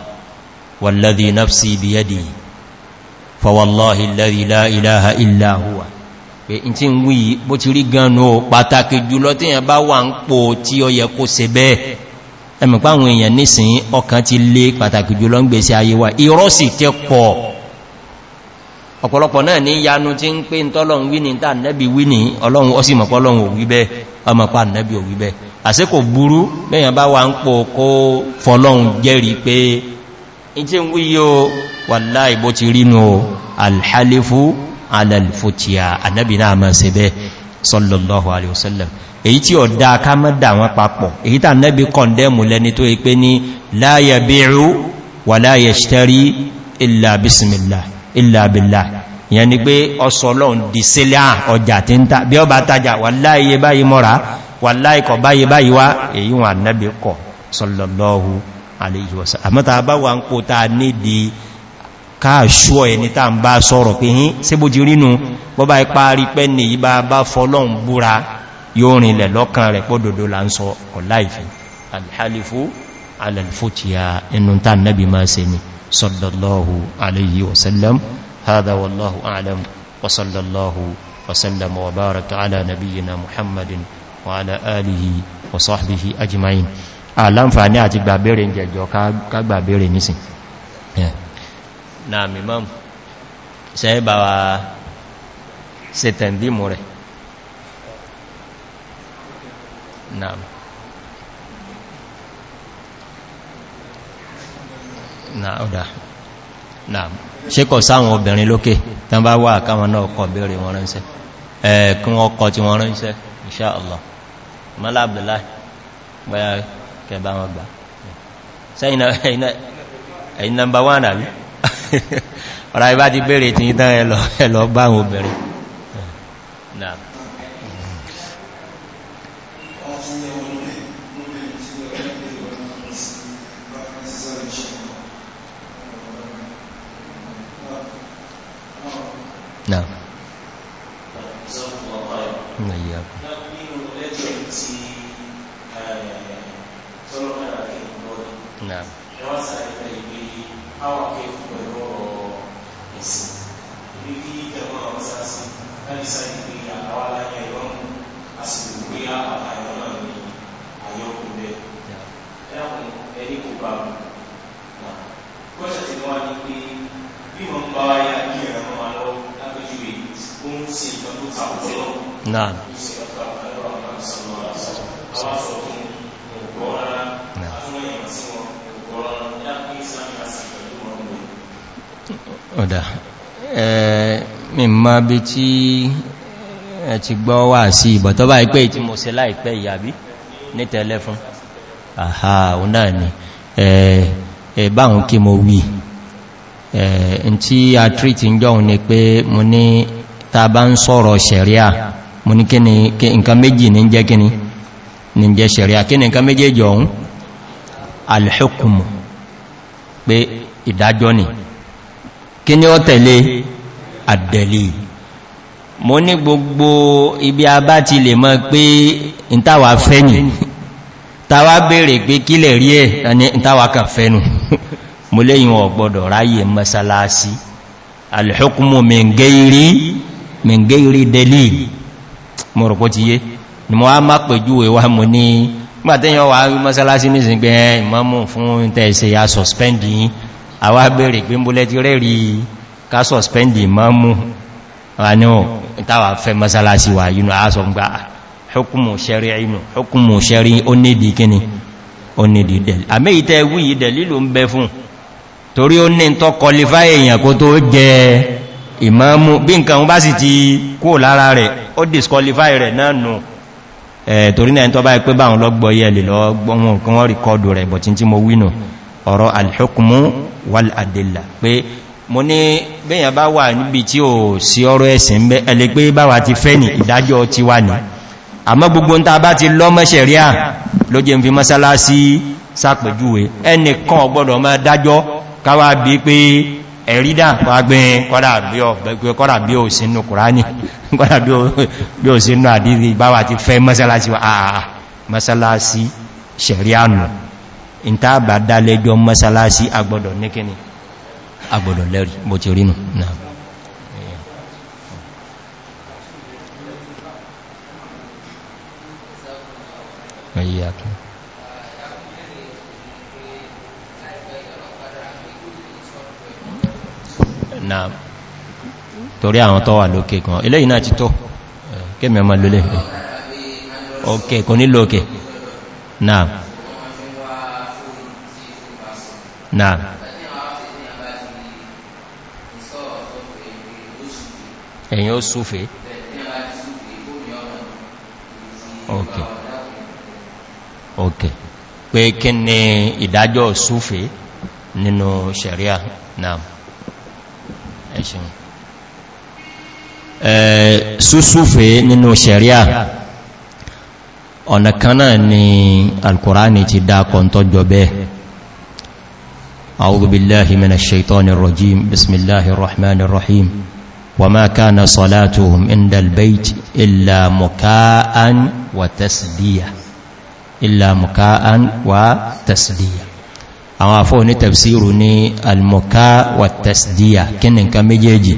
والذي نفسي بيدي فوالله الذي لا إله إلا هو in ti ń wí bó ti rí ganu pàtàkì jùlọ tí èyàn bá wà ń pò tí ó yẹ kó se bẹ́ẹ̀ ẹmìpá àwọn èèyàn nísìn ọkàn ti lé pàtàkì jùlọ ń gbèsè ayé wa irọ́ sì tẹ́ pọ̀ ọ̀pọ̀lọpọ̀ náà ní yanu tí ń pé tọ́lọ̀un wí ní tàà nẹ́bí wí ní ọlọ́run ó sì mọ̀pọ̀ ọlọ́run òwí bẹ́ ọmọpá nẹ́bí òwí bẹ́ àsíkò burú bẹ́yàn bá wà ń pò kó fọlọ́run jẹ́rìí pé ìtí ń wíyí o wàlá ìbó ti rínú alhalifu alalfutiya annabi náà ma ṣe bẹ́ sallallahu alaihi wasallam èyí tí ó dá ká mọ́dá wọn papọ̀ èyí tà nẹ́bí kọndẹ́mù lẹni tó ipé ní láyẹ̀ bíru wà láyẹ̀ ṣtẹ́rí ìlà bismillah ìlà alayhi wa sallam àmọ́ta bá wà ń pò ta nídi káàṣọ́ ẹni tá ń bá sọ́rọ̀ pé yí síbójì rínú bọ́bá ipá rí pẹ́ ní ibá bá fọ́lọ́n búra yóò rìnlẹ̀ lọ́kàn rẹ̀ pọ́dòdó la ń sọ ọ̀láìfẹ́ alhalifu alalfutiya inú tá nẹ́bí máa se ni sallallahu alayhi wa àláǹfàní àti gbàbẹ̀rẹ̀ ìjẹjọ ká gbàbẹ̀rẹ̀ nísìn náà mìmọ́m ṣe bá wa ṣe tẹ̀ndìmù rẹ̀ náà náà ọ̀dá náà ṣe kọ̀ sáwọn obìnrin lókè tán bá wà káwọn náà kọ̀ bẹ̀rẹ̀ wọn ránṣẹ́ ẹ̀ẹ̀kún ọkọ̀ tí wọ́n ránṣẹ́ inṣáàlá mọ́lá abdullahi báyá kẹba wọn gbà sẹ́yìn ẹ̀yìn nọmbà wọ́n àrí ọ̀rá ibá ti bèèrè tí ń dán ẹlọ bá wọn obìnrin náà نعم نعم káwọn akẹ́kọ̀ọ́ pẹ̀lú ọ̀rọ̀ ẹ̀sìn ní bí ìjọba ọ̀rọ̀ sáàsì láti sáàsì pé àwa láyé ẹ̀rọ ń àsìkò pé àwọn àyọ̀ náà ní àyọkù bẹ́ẹ̀. ẹ̀rùn ẹni kò bá mu. kọ́ṣà tí wọ́n á ní pé bí wọ́n bá yá kí ẹ̀rọ máa lọ lápẹ́jú rẹ̀ ó ń ṣe ìtọ́jú tàbí ọlọ́run. ìmọ̀ bí tí ẹ ti gbọ́ wà sí ìbọ̀ tó bá ipé tí mo se láìpẹ́ ìyàbí ní tẹ́lẹ́fún àhà òun náà ni ẹ̀báhùn kí mo wí ẹ̀n tí a tríti ń jọun ni pé mo ní ta bá ń sọ̀rọ̀ sẹ̀ríà mo ní kíni nǹkan méjì ní jẹ́ kíni ní jẹ́ sẹ̀ríà kíni nǹkan méjèèjì ọ̀hún alhukumu pé ìdájọ́ ni kíni ó tẹ̀lé àdẹ̀lì mo ní gbogbo ibi a bá ti lè mọ́ pé ìntàwà fẹ́ni tàwà bèèrè pé kílẹ̀ rí ẹ̀ ní ìntàwà kan fẹ́nu mo léyìn ọ̀gbọ́dọ̀ ráyè mọ́sálásí alìhukumu mẹ́ngẹ́rí dẹ̀lì mo rò pọ́ ti yé ni mo wá má pẹ̀jú ìwà mo ní gbàtẹ́yàn wà mọ́sálásí nísìngbẹ̀ ká sọ̀spẹ́ndì mọ́mú ránú ìtawà fẹ́ masalasi wà yínú aṣọ gbá hukumu ṣẹ́rí inú hukumu ṣẹ́rí ó nídi kíni ó nídi dẹ̀lì àmẹ́ ìtẹ́ wí ìdẹ̀lì ló ń bẹ fún torí ó ní tọ́ kọlifá èèyàn kó tó jẹ ìmọ́mú bí nǹkan bá sì ti kó lára rẹ̀ ó disqualify rẹ̀ náà nù torí náà tó bá pé báwọn lọ́gbọ́ yẹ lè kan wọ́n rìkọdù rẹ̀ bọ̀ tí mo wínú ọ̀rọ̀ alhukumu wal adilla pé mo ní bẹ́yàn bá wà níbi tí ò sí ọrọ̀ ẹ̀sìn ń bẹ́ ẹlẹ́ pé báwà ti fẹ́ ní ìdájọ́ ti wà ní àmọ́ gbogbo ń ta bá ti lọ mọ́ṣẹ̀ rí à ló jẹ́ fi mọ́sálásí sàpẹjúwe ẹnìkan ọgbọ́dọ̀ mọ́ dájọ́ káwà bí pé ẹ̀rídà pàgbín kọ́dà agbọ̀dọ̀ lẹ́rí bó ti rí nù náà ayé akẹ́ náà torí àwọn tó wà lókè kan eléyìí náà ti tó kémi ọmọ lólè ọkẹ̀ kò nílò òkè náà náà ẹ̀yìn ó súfèé ok ok pé kí ni ìdájọ́ súfè nínú sharia náà ẹ̀ṣin súsúfè nínú sharia ọ̀nà kan náà ni alkùránì ti dákọ̀ tọ́jọ bẹ́ẹ̀ أعوذ بالله من الشيطان الرجيم بسم الله الرحمن الرحيم وما كان صلاتهم عند البيت إلا مكاء وتسدية إلا مكاء وتسدية أما فوني تفسيرني المكاء والتسدية كنن كم يجي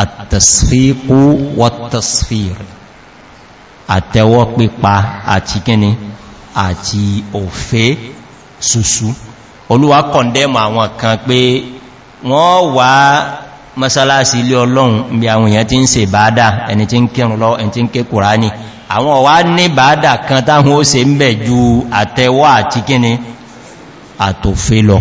التصفيق والتصفير àtẹwọ́pípa àti kíni àti òfé susu olúwa kọ̀ndẹ́mù àwọn kan pé wọ́n wà mọ́sálásí ilé ọlọ́run bí àwọn èèyàn ti ń se bàádà ẹni tí ń kírùn lọ ẹni tí ń ké kùránì àwọn ọ̀wá ní bàádà kan táhùn ó se ń bẹ̀ ju àtẹwọ́ àti kíni àtòfé lọ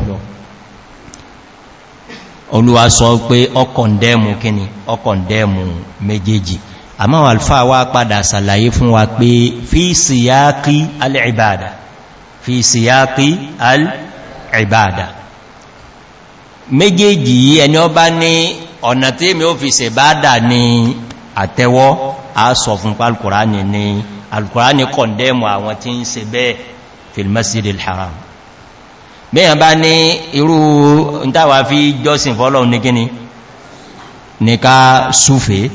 olúwa sọ pé ọkọ̀ndẹ́mù kíni ọkọ̀ndẹ́mù méjèèjì àmá alfa wá padà sàlàyé fún wa pé fi síyákí al'ibada fi síyákí al'ibada méjèèjì ẹni ọba ní ọ̀nà tí mi ó fi ṣe bá dà ní àtẹ́wọ́ a sọ fún alkùránì ní alkùránì kọ̀ndẹ́mù àwọn tí ń ṣe bẹ́ẹ̀ filmasiril haram mẹ́yàn bá ní irú ìtawà fi jọ́sìn fọ́lọ́un ní gíní ní ká súfèé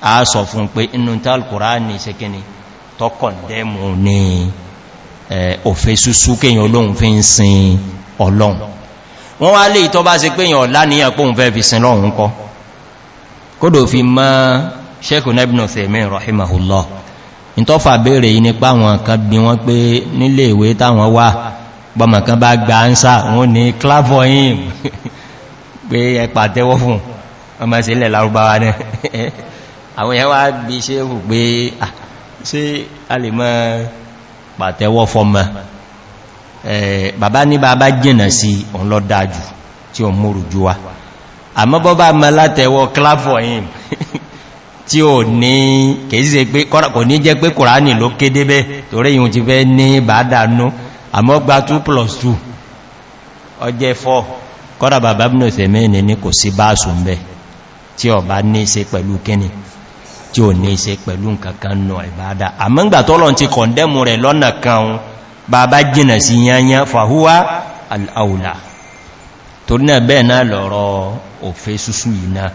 a sọ fún pé inú tal kùránì ṣe kíní tọ́kọ̀ndẹ́mù ní òfin súsú kíyàn olóhun fi ń sin ọlọ́run wọ́n wá lè tọ́ bá se pé yàn ọ̀lá ní àpò òun fẹ́ fi sin lọ́run kọ́ kódò fi mọ́ sheikh nebno themin rahimahullah in tó fà bèèrè yìí nípa àwọn kan bí wọ́n pé nílé ìwé táwọn wà gbọmọ̀ kan bá gba ánsà wọ́n ní clavoyim [laughs] pé ẹpà [laughs] Eh, bàbá ní bàbá jìnà sí òun dájú tí ó múrù jú wá àmọ́ bọ́ mọ́ látẹ̀wọ́ clap for [laughs] tí ó ní pé ní jẹ́ pé ló kéde bẹ́ torí ti fẹ́ ní bàádánú àmọ́ gba 2 plus 2 ọjẹ́ 4 kọ́dà bàbá bínú ìfẹ̀mẹ́ni ko bàbá jìnà sí yányá fàhúwá al'aula torí náà bẹ́ẹ̀ náà lọ̀rọ̀ òfẹ́ súsú yìí náà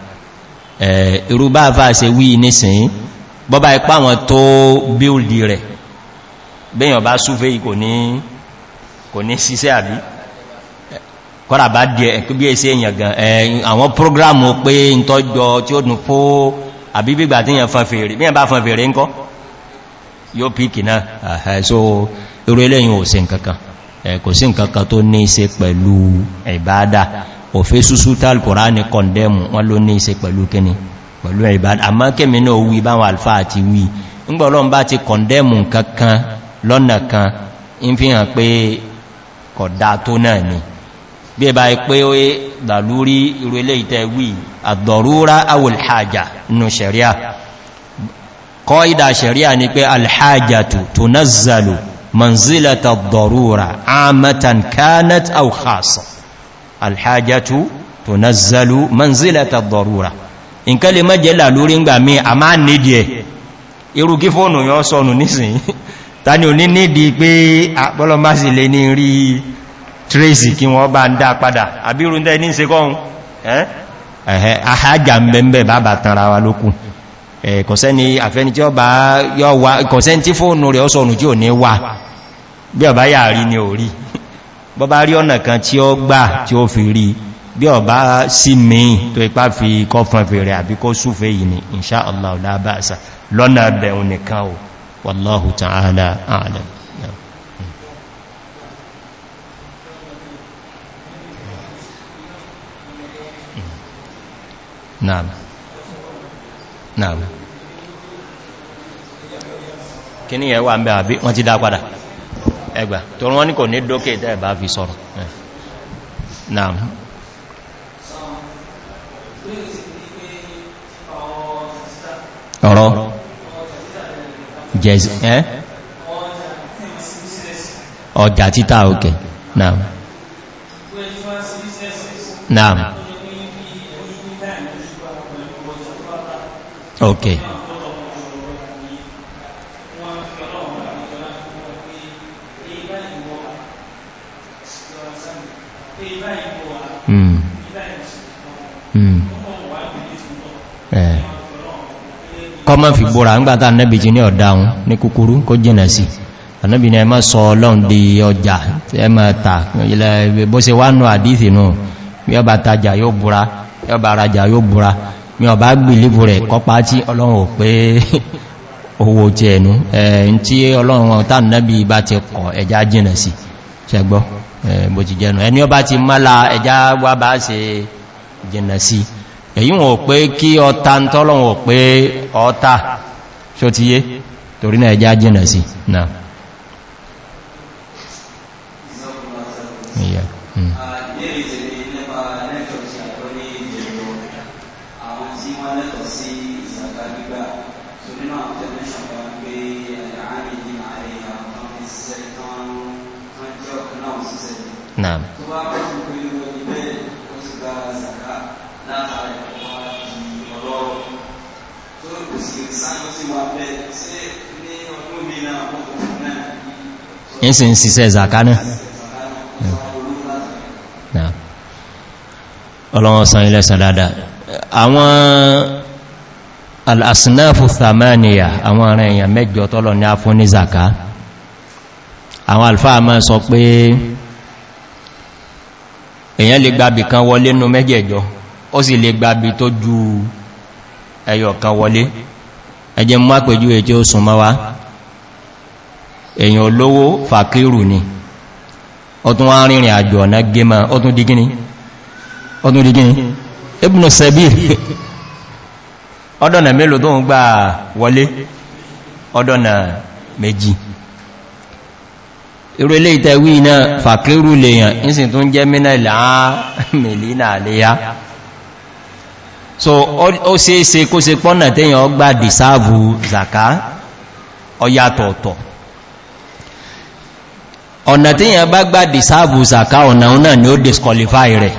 irú bá fà ṣe wí nísìn bọ́bá ipá wọn tó bíldì rẹ̀ bẹ́yàn bá súfẹ́ kò ní síṣẹ́ àbí kọ́rà bá díẹ̀ ẹ̀kú bí èsì èyàn gan àwọn prógrámù pé ń tọ́jọ tí ó dùn fó àbí bígbà tí yàn fan fèrè bí yàn bá fan fèrè ń kọ́ yóò pìkì náà so irú eléyìn ò sí nkankan kò sí nkankan tó ní ṣe pẹ̀lú ìbádá òfin súsú tàlkùrá ní kọndẹ́mù wọ́n ló ní ṣe pẹ̀lú kíni pẹ̀lú ìbádá àmá kẹ́mì náà wí báwọn alfa àti wí ńgbọ̀lọ́n bá ti kọndẹ́mù kankan lọ́nà kan ń fi hàn pé kọ̀dá tó náà ni bí ẹba pé ó dàlúrí irú ilé wí àdọ̀rúra awòlhájà nù sẹ̀ríà kọ́ ìdà sẹ̀ríà ni pé alhájà tó tó منزلة الضرورة عامة كانت أو خاصة الحاجة تنزل منزلة الضرورة in ka le mẹ́jẹ́ là lórí ń gbà mí a máa nìdí ẹ̀ irú kí fóònù yọ sọnù nísìn [laughs] ta ni ò ní nìdí pé àpọ́lọ́mbá sì lè ní rí tracy kí wọ́n bá ń dá padà àbírú ń tẹ́ ní ṣe kọ́hun tanra wa lókùn Eh, kọ̀sẹ́ni àfẹ́ni tí ó bá yọ wá kọ̀sẹ́ni tí fóònù rẹ̀ ọ́sọ̀ ọ̀nù tí ò ní wà bí ọ̀bá yà rí ni ò rí bọ́ bá rí ọ̀nà kan tí ó gbà tí ó fi rí bí ọ̀bá sí mìí tó ipá fi kọfàn fèrè àbí kó súfẹ́ yìí náà kí ní ẹwà ń bẹ àbí wọ́n ti dá padà ẹgbà tó wọ́n ní kò ní dókè tẹ́ bá fi sọ̀rọ̀ náà ọ̀rọ̀ jẹ́sì ẹ́ ọjà títà òkè náà náà ok mm. Mm. Eh. kọ́mọ̀ fi bóra ń gbàtà nẹ́bì jí ní ọ̀dáun ní kúkúrú kó jìnà sí ànábì ni ẹ sọ ọlọ́run di ọjà ẹ má ta ilẹ̀ bó se wá nù àdíthì náà yọba tajà yóò búra yọba rajà yóò búra mi ọ̀bá gbìlìbù rẹ̀ kọpa tí ọlọ́run ò pé [laughs] owó jẹ ẹnu ẹ̀yìn tí ọlọ́run ọ̀tá nábi bá ti kọ̀ ẹja jìnà sí ṣẹgbọ́ bó ti jẹnu ẹni ọba ti mọ́la ẹja wá bá ṣe jìnà wọn ò pé kí ọta ń tọ́lọ́run ò pé ọta ṣó torí náà ẹja jìnà sí náà ìsìn ń siṣẹ́ zakana ọlọ́wọ́ san ilẹ̀ san dáadáa àwọn al'asinafu thamaniya àwọn ará èèyàn mẹ́jọ tọ́lọ ní afún ní zaka àwọn alfáà máa sọ pé èyàn lè gbàbì kan wọlé nú mẹ́jẹ̀jọ ó sì lè gbàbì tó ju ẹyọ kan wọlé ẹjẹ mú àpẹjú èjì ó sùn mọ́wá èyàn olówó fàkírù ni ó tún wá rìnrìn àjò ọ̀nà gẹ́mà ó tún di gíní ó tún di gíní ibùn sẹ́bí ọdọ̀nà mélòó tó ń gbà wọlé ọdọ̀nà méjì irú ilé ìtẹ̀wí iná fàkírù lèyàn ìsìn tó ń jẹ́ mínà ìlàmìlínà àléyá so ó se é se kó se pọ́nà tẹ́yàn ọgbà dìsáàbù zaka ọyàtọ̀ọ̀tọ̀ ọ̀nà tẹ́yàn bá gbà dìsáàbù zaka ọ̀nà náà ni ó disqualify rẹ̀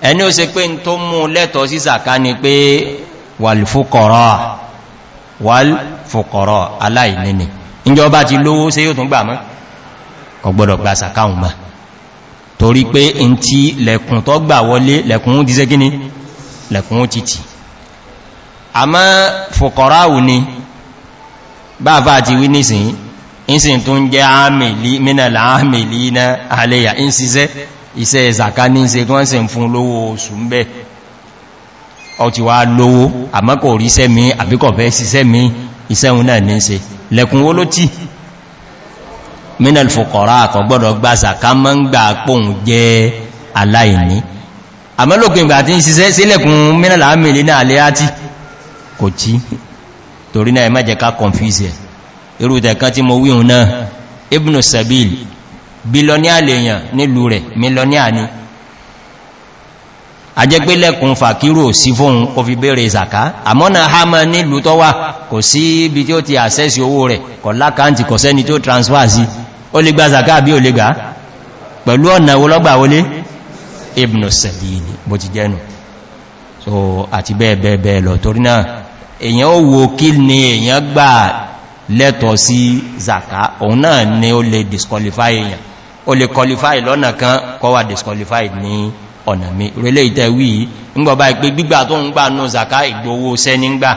ẹni ó se pé n tó mú lẹ́tọ̀ sí zaka ni pé wàlfúkọ̀rọ̀ aláìnini ìjọba ti lówó se yóò tún gbà mọ́ ọgbọ́dọ̀ gba sàkáhùn ma torí pé in ti lẹ̀kùn tó gbà wọlé lẹ̀kùn ti ségíní lẹ̀kùn ti tì a mọ́ fòkọ̀ráwù ni báfà ti wí nìsìn ìsìn na àlẹ́yà ń siṣẹ́ iṣẹ́ ìsàká ní ṣe tó ń sì fún lówó oṣù ń bẹ́ ọ ti wá lówó àmọ́kọ̀ orí sẹ́mi àbíkọ̀ fẹ́ siṣẹ́ mi iṣẹ́ òun náà ní ṣe lẹ̀kùn ló tí minal fòkọ̀rá àkọ̀ gbọ́dọ̀ gba zaka ma ń gbà pòun jẹ́ aláìní àmọ́lòkùn ìgbà tí ń siṣẹ́ sílẹ̀kùn minal àmìlì náà lè áti kò tí torí náà ẹmẹ́jẹ ká confuse irútẹ̀ kan ni àjẹ́gbé lẹ́kùn fàkírò sí fóun kò fi bèèrè ìzàká àmọ́nà hama nílùú tó wà kò sí ibi tí ó ti àṣẹ́sì owó rẹ̀ kọ̀ lákàntì kọ̀ sẹ́ni tó transfer sí ó lè gba zàká bí ó lè gá pẹ̀lú ọ̀nà olọ́gbà wọlé ibn bó ti jẹ́nu so àti bẹ́ẹ̀bẹ́ẹ̀ lọ torí náà èyàn ó wo kí zaka òun náà disqualify èyàn qualify lọ́nà kan disqualify ní ọ̀nà mi rẹ̀lẹ̀ ìtẹ̀wí yìí ńgbọ̀bá ìpé gbígbà tó ń gbà nù zaka ìgbówó sẹ́ nígbà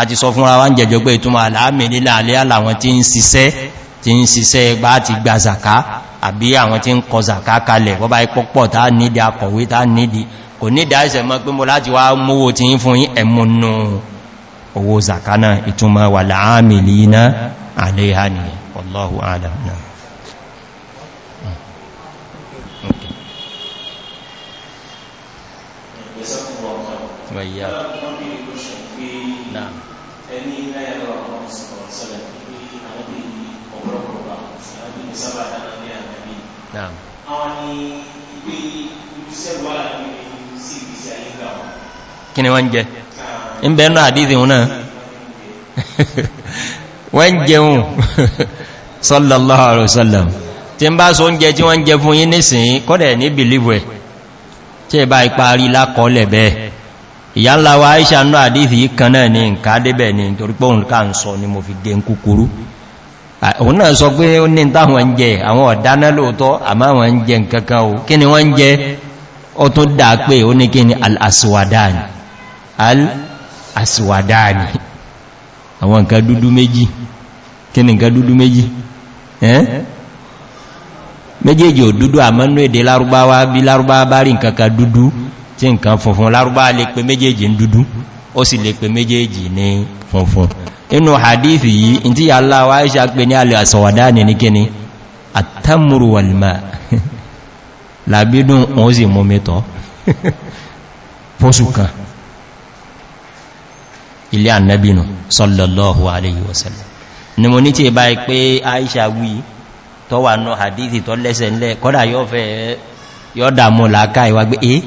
a ti sọ fúnra wá ń jẹjọ pé ìtumọ̀ àlàámi nílà alẹ́ àlàwọn tí ń siṣẹ́ tí ń siṣẹ́ bá ti gba zaka àbí àwọn tí ń kọ zaka kalẹ̀ bọ́bá ipọ́pọ̀ tá nídi akọ̀wé tá nídi kò nídi àìsẹ̀ mọ́ pé mo láti wá mówó tí ń fún ẹmúnú owó zaka náà ìtumọ̀ wà láàmì lì náà àléhà nìyẹn alam wa ìyá. ẹni láyà lọ àwọn sọ̀rọ̀ sọ̀rọ̀ pé àwọn bí ọ̀pọ̀lọpọ̀ wà àwọn bí sábà dáná ní àgbàbí. ni pé iṣẹ́ wà ní sí ìgbésí ayé gbà wọn. kí ni wọ́n ń ń bẹ́ẹ̀ náà àdídì wọn náà [laughs] wọ́n jẹun [laughs] sallallahu alaihi wasallam tí ń bá so ń jẹ tí wọ́n jẹ fún yí nísìn kọ́dẹ̀ ní bìlìwẹ̀ tí ẹ bá ipa lákọọ́lẹ̀ bẹ́ẹ̀ ìyá ńlá wa aisha náà àdífì yìí kan náà ní nǹkan adébẹ̀ ní torí pé òun ká ń sọ ni mo fi gẹ ń kúkúrú òun náà sọ pé ó ní táwọn ń jẹ àwọn ọ̀dáná lóòótọ́ àmá wọn ń jẹ nkankan o kí ni wọ́n ń jẹ ó tó dáa pé ó ní kí ni al'aswadani al'aswadani tí nǹkan funfun lárúbá lè pé méjèèjì ń dúdú ó sì lè pé méjèèjì ní funfun inú hadithi yìí in tí aláwọ̀ aisha pé ní alẹ́ àsọ̀wàdá ní ní kíni àtàmùrù wàlìmá [laughs] làbídùn òun sì mú mẹ́tọ́ [laughs] fóṣù ilé annabinu sallallahu alayhi wasallam ni mo ní tí ìbá pé aisha wí tọ́wà náà hadithi tọ́lẹ́sẹ̀ ńlẹ̀ kọ́dà yóò fẹ́ yọ́dà mọ́ làákà ìwà gbé eh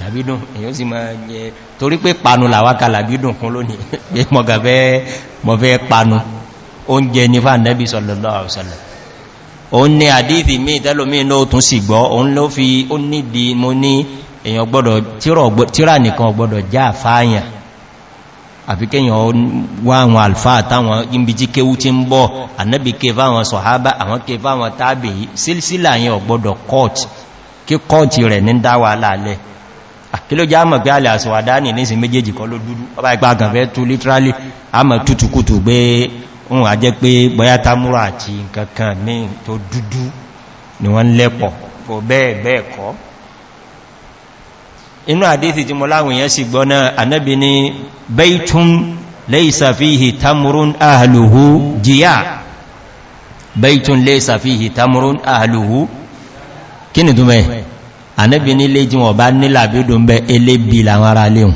làbídùn èyàn sì máa jẹ torí pé panu làwákà làbídùn kún lónìí [laughs] pé mọ̀fẹ́ panu oúnjẹ ní fà nẹ́bí sallallahu alaihi wasallam òun ní àdíìtì mí ìtẹ́lòmí náà tún sì gbọ́ òun ló fi ó nídi mo ní èyàn gbọ́dọ̀ tíra nìkan gbọ́dọ̀ já fáyàn àfi kéyàn wá àwọn alfa àtàwọn ibi tí kéwú ti ń bọ̀ ànẹ́bì ké fáwọn sọ̀hábá àwọn ké fáwọn tábì kí court rẹ̀ ní dáwà láàlẹ́ kí ló já mọ̀ pé alẹ́ àsìwàdá ní ní sin méjèèjì kọ́ ló dúdú ọba ipa gànfẹ́ tó literally a mọ̀ tútukútù pé ń wà jẹ́ pé bọ́yátá múra àti nkankan ní tó dúdú ni wọ́n lẹ́pọ̀ kò bẹ́ẹ̀ bẹ́ẹ̀ kọ́ inú àdíthì tí mo láwọn èèyàn ànẹ́bì nílé jí wọn bá nílà bídò ń bẹ elébì làwọn ará léhùn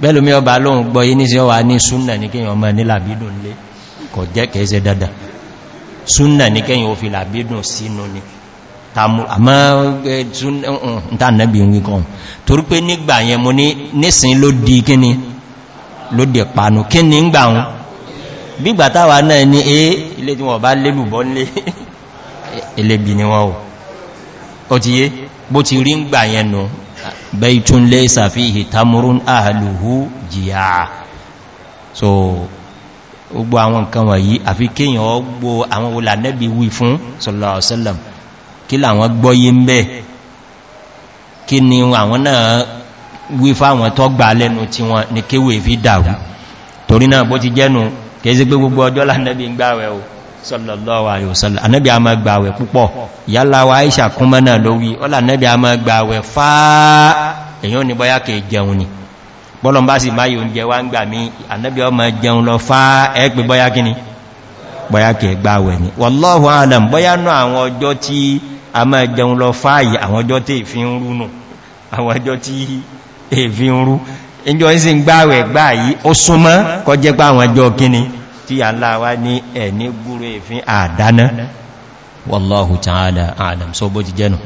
bẹ́lùmí ọba lóhun gbọ́ yí ní sí ọwà ní súnnà ní kíyàn ọmọ nílà bídò nlé kọ̀ jẹ́ kẹ́ẹ́sẹ́ dada súnnà ní kíyàn ó fi làbídò sínú ni àmọ́ gbígbàtàwà náà ní é ilé tí wọ́n bá lélùbọ́ nílé ẹlẹ́bì [laughs] ni wọ́n ó ti yé bó ti rí ń gbà yẹn nù baitun laysa fihi tamurun ahluhu jìyà so gbogbo àwọn nǹkan wọ̀nyí àfi kéèyàn ọgbò àwọn olà nẹ́bí wí fún sallallahu alaihi wasallam kí làwọn gbọ́yé ń bẹ́ kí ni àwọn náà wí fáwọn tó gbà sallallahu alayhi wasallam anabi a ma gba àwẹ̀ púpọ̀ yálà wa aisha kúnmọ́ náà lórí ọlá anabi a ma gba àwẹ̀ fáà èyàn ní bọ́yá kẹ jẹun ni bọ́lọ̀ bá sì máyí oúnjẹ wá ń gbà mí anabi ọmọ jẹun lọ fáà ẹgbẹ̀ bọ́yá kíni bọ́yá kẹ gba ni wallahu alam bọ́yá náà àwọn ọjọ́ tí a ma jẹun lọ fáàyè àwọn ọjọ́ tí tí a láwá ní ẹni gúrò èfin àdáná wallahu ta'ala a'lam so bó ti jẹ́nu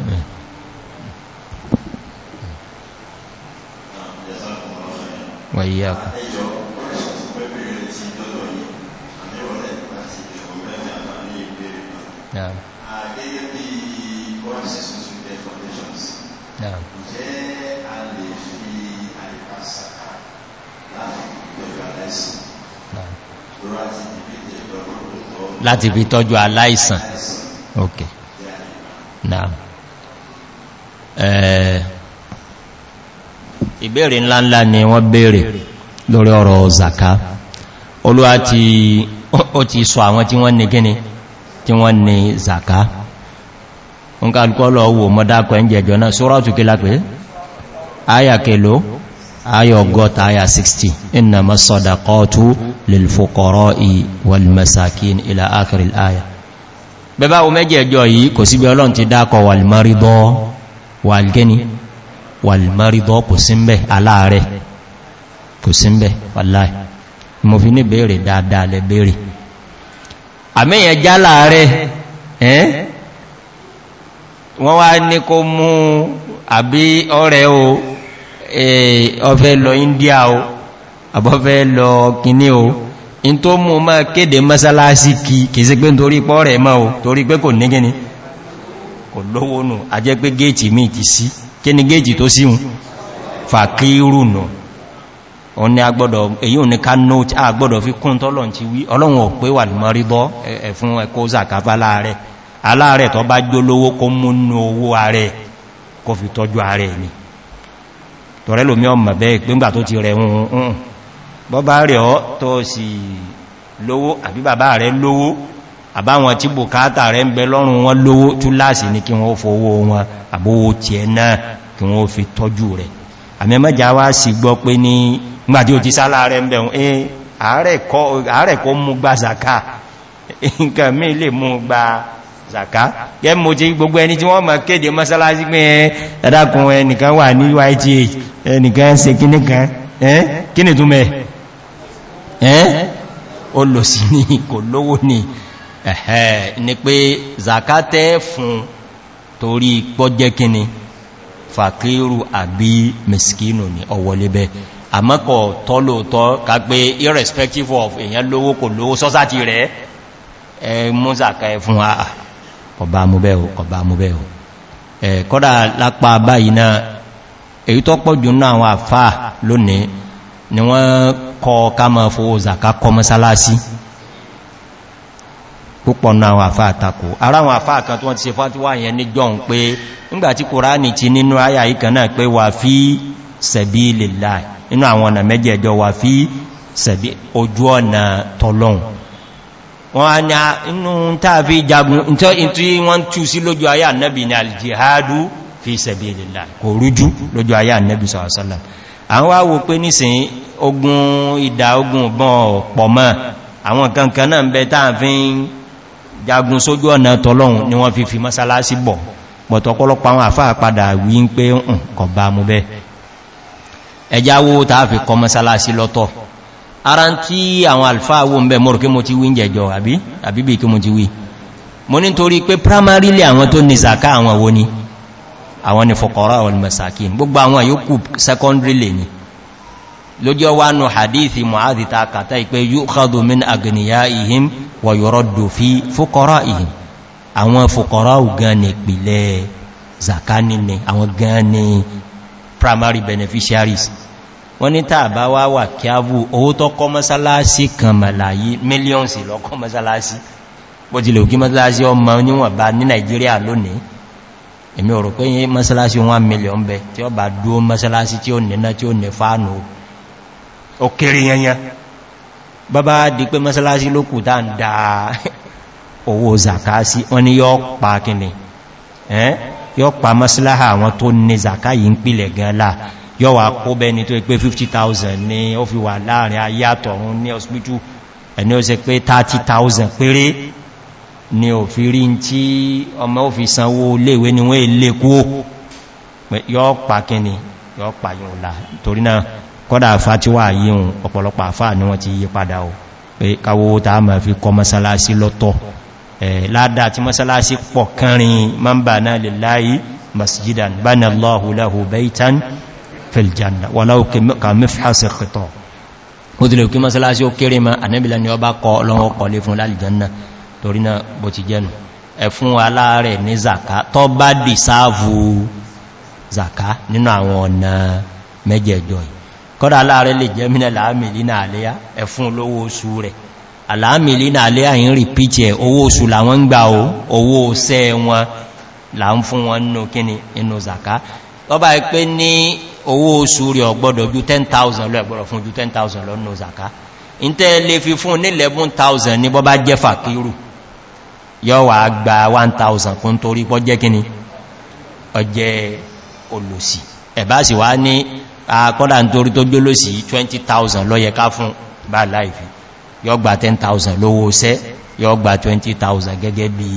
wàyíyàkù Yeah láti fi tọ́jú aláìsàn ok now ìbéèrè ńláńlá ni wọ́n béèrè lórí ọ̀rọ̀ zaka olúwa ti ó ti sọ àwọn tí wọ́n ní gíní tí wọ́n ní zaka ń kàlùkọ́ lọ wò mọ́dákọ̀ ẹ̀ńjẹ̀jọ náà sóràtù kí lápẹ́ áyà ayọ̀ ọgọ́ta ayà 60 inna masadaqatu lil fuqara'i wal masakin ila akhiril aya bẹ́bá o mẹ́jẹ̀jọ yìí kò síbi ọlọ́n ti dákọ̀ wal maridọ́ wal gẹ́ni wal maridọ́ kò sí mbẹ̀ aláàrẹ kò sí mbẹ̀ wallahi mo fi ní bèèrè dáadáa lẹ bèèrè àmìyàn já láàrẹ ẹ́ wọ́n wá ní kó mú àbí ọ̀rẹ́ o ọfẹ́ eh, lọ india o àbọ́fẹ́ lọ kìíní o in tó mú ma kéde masalasi kìí sí pé torí pọ́ rẹ̀ o torí pé kò ní gíní kò lówó nù a jẹ́ sí kí ni tó fàkírù nù agbọ́dọ̀ èyí ní ká fi kún tọ́lọ̀ ti wí ọlọ́run ò pé wà ẹ̀fún tó bá kó múnú tọ̀rẹ́ lómi ọmọ bẹ́ẹ̀ pínbà tó ti rẹ̀ ohun bọ́bá rẹ̀ ọ́ tó sì lówó àbí bàbá rẹ̀ lówó àbáwọn tí bùkátà rẹ̀ ń bẹ lọ́rùn wọn lówó túláàsì ní kí wọ́n fowó wọn àbówó tí ẹ náà kí wọ́n fi tọ́jú rẹ̀ àmì kó mú gbà zaka nǹkan mí lè mú gbà zaka yẹ mo jẹ gbogbo ẹni tí wọ́n mọ̀ kéde mọ́sálásí pé ẹ̀dàkùn ẹnìkan wà ní yth ẹnìkan ṣe kíní kan kíní tún mẹ́ ó lò sí ní kò lówó ní ẹ̀ẹ́ ni pé zaka tẹ́ fún torí pọ́jẹ́ kíní fàkírù àbí mẹ́sìkínù ní ọwọ́lébẹ́ àmọ́kọ̀ tọ́lóòtọ́ kagbé irrespective of èyàn lówó kò lówó sọ́sá ti rẹ̀ ẹ mú zaka ẹ ọba amúbẹ́ o ọba amúbẹ́ o ẹ̀ kọ́dà lápá báyìí náà èyí tó pọ̀ jù náà àwọn àfá lónìí ni wọ́n kọ ká mọ́ fowó zaka kọ mọ́sálásí púpọ̀ náà àwọn àfá àtakò ara àwọn àfá kan tó wọ́n ti se fátíwá yẹn ní jọun pé nígbàtí kòránì wọ́n a ní inú tààfi jagun tó ìtí wọ́n tú sí lójú ayá annabi ní aljihadu fi sabilillah kò rújú lójú ayá annabi sallallahu àwọn wá wo pé nísìn ogun ìdá ogun bọ́n pọ̀ mọ́ àwọn kankan náà ń bẹ tààfin jagun sójú ọ̀nà tọ́lọ́run ni wọ́n fi fi mọ́sálásí bọ̀ pọ̀tọ̀pọ̀lọpọ̀ àwọn àfáà padà wí ń pé ń kọ̀ bá mú bẹ́ ẹjáwó tààfi kọ mọ́sálásí lọ́tọ̀ ara tí àwọn alfa wo ń bẹ mọ́rù kí mo ti wí ń jẹjọ àbíbí kí mo ti wí mo ní torí pé primarily àwọn tó ní zaka àwọn wo ni àwọn ni fọkọrọ àwọn masakin gbogbo àwọn yóò secondary lè ní lójọ́ wá nù hadithi mu'adhi ta kàtà ipé yóò kàdù min agniya ihim ihim àwọn fọkọrọ gan zaka nínú àwọn gan primary beneficiaries wọ́n ní tàà bá wá wà kí á bú owó tó kọ́ mọ́sálásí kan màláyí mílíọ̀nsì lọ́kọ́ mọ́sálásí bójìlẹ̀ òkí mọ́sálásí ọmọ níwọ̀n bá ní nàìjíríà lónìí èmi ò rò pé yí mọ́sálásí 1 mílíọ̀n bẹ tí ó bá dúó mọ́sálásí tí ó nìna tí ó nì fánù ó kéré yanyan bábá di pé mọ́sálásí ló kù tá ń da owó zakasi wọ́n ni yọ́ pa kíni yọ́ pa mọ́sálásí àwọn tó ní zakayi ń pìlẹ̀ gan láà yọ wà kó bẹni tó pé 50,000 ní ó fi wà láàrin ayátọ̀ ọ̀run ní ọ̀sìpítù ẹni ó se pé 30,000 péré ni ò fi rí tí ọmọ ó fi sanwó léèwé ni wọ́n èlé kú yọ pa kíni yọ pa yóò là torí náà kọ́dà àfá tí wà yíhun ọ̀pọ̀lọpọ̀ àfá ni wọ́n ti yí padà ò pé káwọ́ ta ma fi kọ masalasi lọ́tọ̀ ládá tí masalasi pọ̀ kánrin mọ́mbà náà lè láyí masjidan bánàlọ́hù láhù baitan fìljanna wàláwò ka mẹ́fàṣẹ́ kìtọ̀ ó ti lè kí mọ́sálásí ó kéré ma ànẹ́bìlá ni ọ bá kọ lọ́wọ́ kọlé fún lálìjanna torí náà bó ti jẹ́nu ẹ̀fún aláàrẹ̀ ní zaka tọ́ bá dì sáàvù zaka nínú àwọn ọ̀nà mẹ́jẹ̀jọ kọ́dá aláàrẹ̀ lè jẹ́ mínà láàmìlínà àléyá owó oṣù rí ọgbọ́dọ̀ ju 10,000 lọ ẹgbọ́dọ̀ fún ju 10,000 lọ nù zaka in tẹ́ lè fi fún ní 11,000 ní bọ́bá jẹ́ fàkírù yọ́ wà gba 1,000 kún torí pọ́ jẹ́ kíní ọjẹ́ olóòsì ẹ̀bá sì wá ní akọ́dà nítorí tó gbólóòsì 20,000 lọ yẹ ká fún bá láìfi yọ́ gba 10,000 lówó sẹ́ yọ́ gba 20,000 gẹ́gẹ́ bí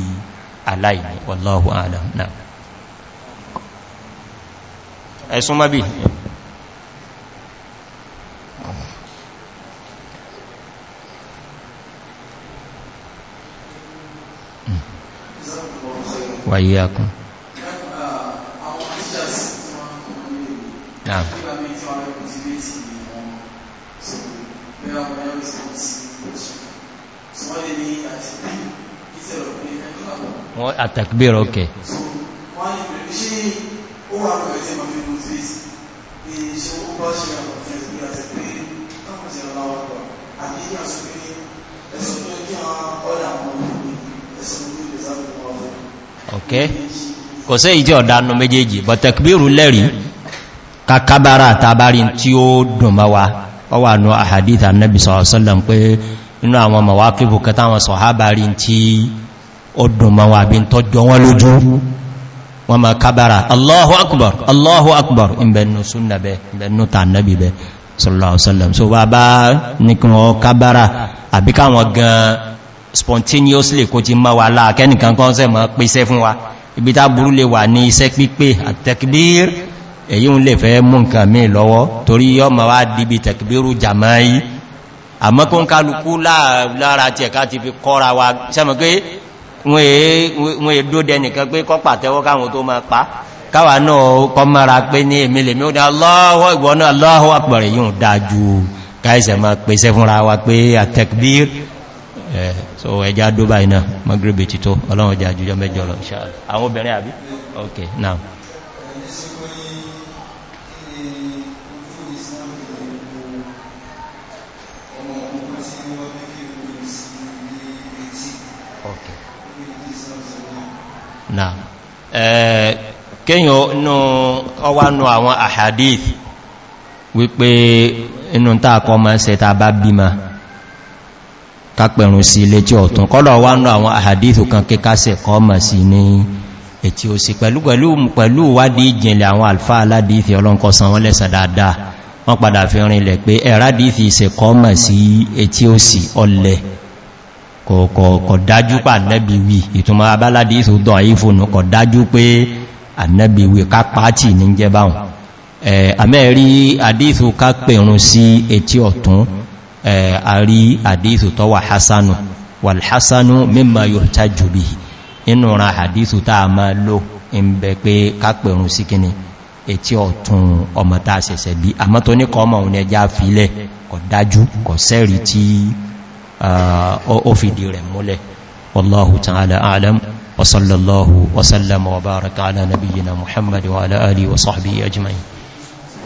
aláìní wallahu alam náà ẹ̀sùn mọ́bí wàyí akùn náà wọ́n àtàkbèrè ọkẹ̀ ok kò sí ìdí ọ̀dánú méjèèjì but tekbiru lẹ́rí kakabara tabari tí ó dùn mọ́ wa ọ wà ní àhàdíta nẹ́bí sọ̀rọ̀sọ́lọ̀m pé inú àwọn mọ̀wá kíbù kẹta àwọn sọ̀hábàrí tí ó dùn mọ́ wa bí tọ́jọ wọn lójú wọ́n ma kábára allahu akbar allahu akbar ìbẹ̀nu súnnà bẹ ìbẹ̀nu tànàbì bẹ sallallahu so bá bá nìkan ọ kábára àbí káwọn gan spontaneously kò ti ma wà láà kẹ́nìkan kan sẹ́ ma pèsẹ́ fún wa ibi tá burú lè wà ní iṣẹ́ pípé àtẹ́kbír èyí ń lè fẹ́ mú nǹkan mí lọ́wọ́ torí yọ ma wá dìbì tẹ̀kbírù jàmáyí àmọ́kún kálukú láàrá tí ẹ̀ká ti fi kọ́ra wa sẹ́mọ̀ pé wọ́n èdó dẹnìkan pé kọ́ pàtẹ́wọ́ káwọn tó máa pa káwà náà kọ mara pé ní èmìlè mi ó dá aláwọ̀ ìwọ̀ náà aláwọ̀ àpẹẹrẹ yíò dájú káìsẹ̀ máa pèsẹ fúnra wa pé àtẹ́kbír so ẹja dubai náà magrebe tító ọlọ́run jà jùjọ mẹ́jọ lọ ìṣàlẹ̀ àwọn obìnrin àbí okay now náà kíyàn inú ọwá nú àwọn àhàdíth wípé inú tààkọ ma ń sẹta bá bímá kápẹ̀rún sí ilé tí ọ̀tún kọ́lọ̀ wá nú àwọn àhàdíth kan kíkásẹ̀ kọ́ mọ̀ sí ní ètí ó sì pẹ̀lú pẹ̀lú wádìí ìjìnlẹ̀ àwọn alfa aládìífì ọlọ́nkọ́ san wọ́n lẹ́sàn dáadáa wọ́n padà fi rinlẹ̀ pé se ìsẹ̀kọ́ mọ̀ si ètí ó sì ọlẹ̀ kọ̀ọ̀kọ̀ dájú pé ànẹ́bì wì ìtumọ̀ abáládé ìsòdọ̀ àyífònù kọ̀ dájú pé ànẹ́bì wì ká pàátì ní jẹ́ àmẹ́rí àdíìsù ká pèrún sí etí ọ̀tún àrí àdíìsù tọ́ wà hasanu mímọ̀ yóò bí inú ra ma lò ń bẹ pé ká sí kíni etí ọ̀tún ọmọ sẹ̀sẹ̀ bí àmọ́ tó ní kọ́ kọ̀ dájú kọ̀ sẹ́rì tí ó fìdí rẹ̀ múlẹ̀ wallahu ta'ala a'lam wa sallallahu wa sallama wa baraka ala nabiyyina muhammad wa ala alihi wa sahbihi ajma'in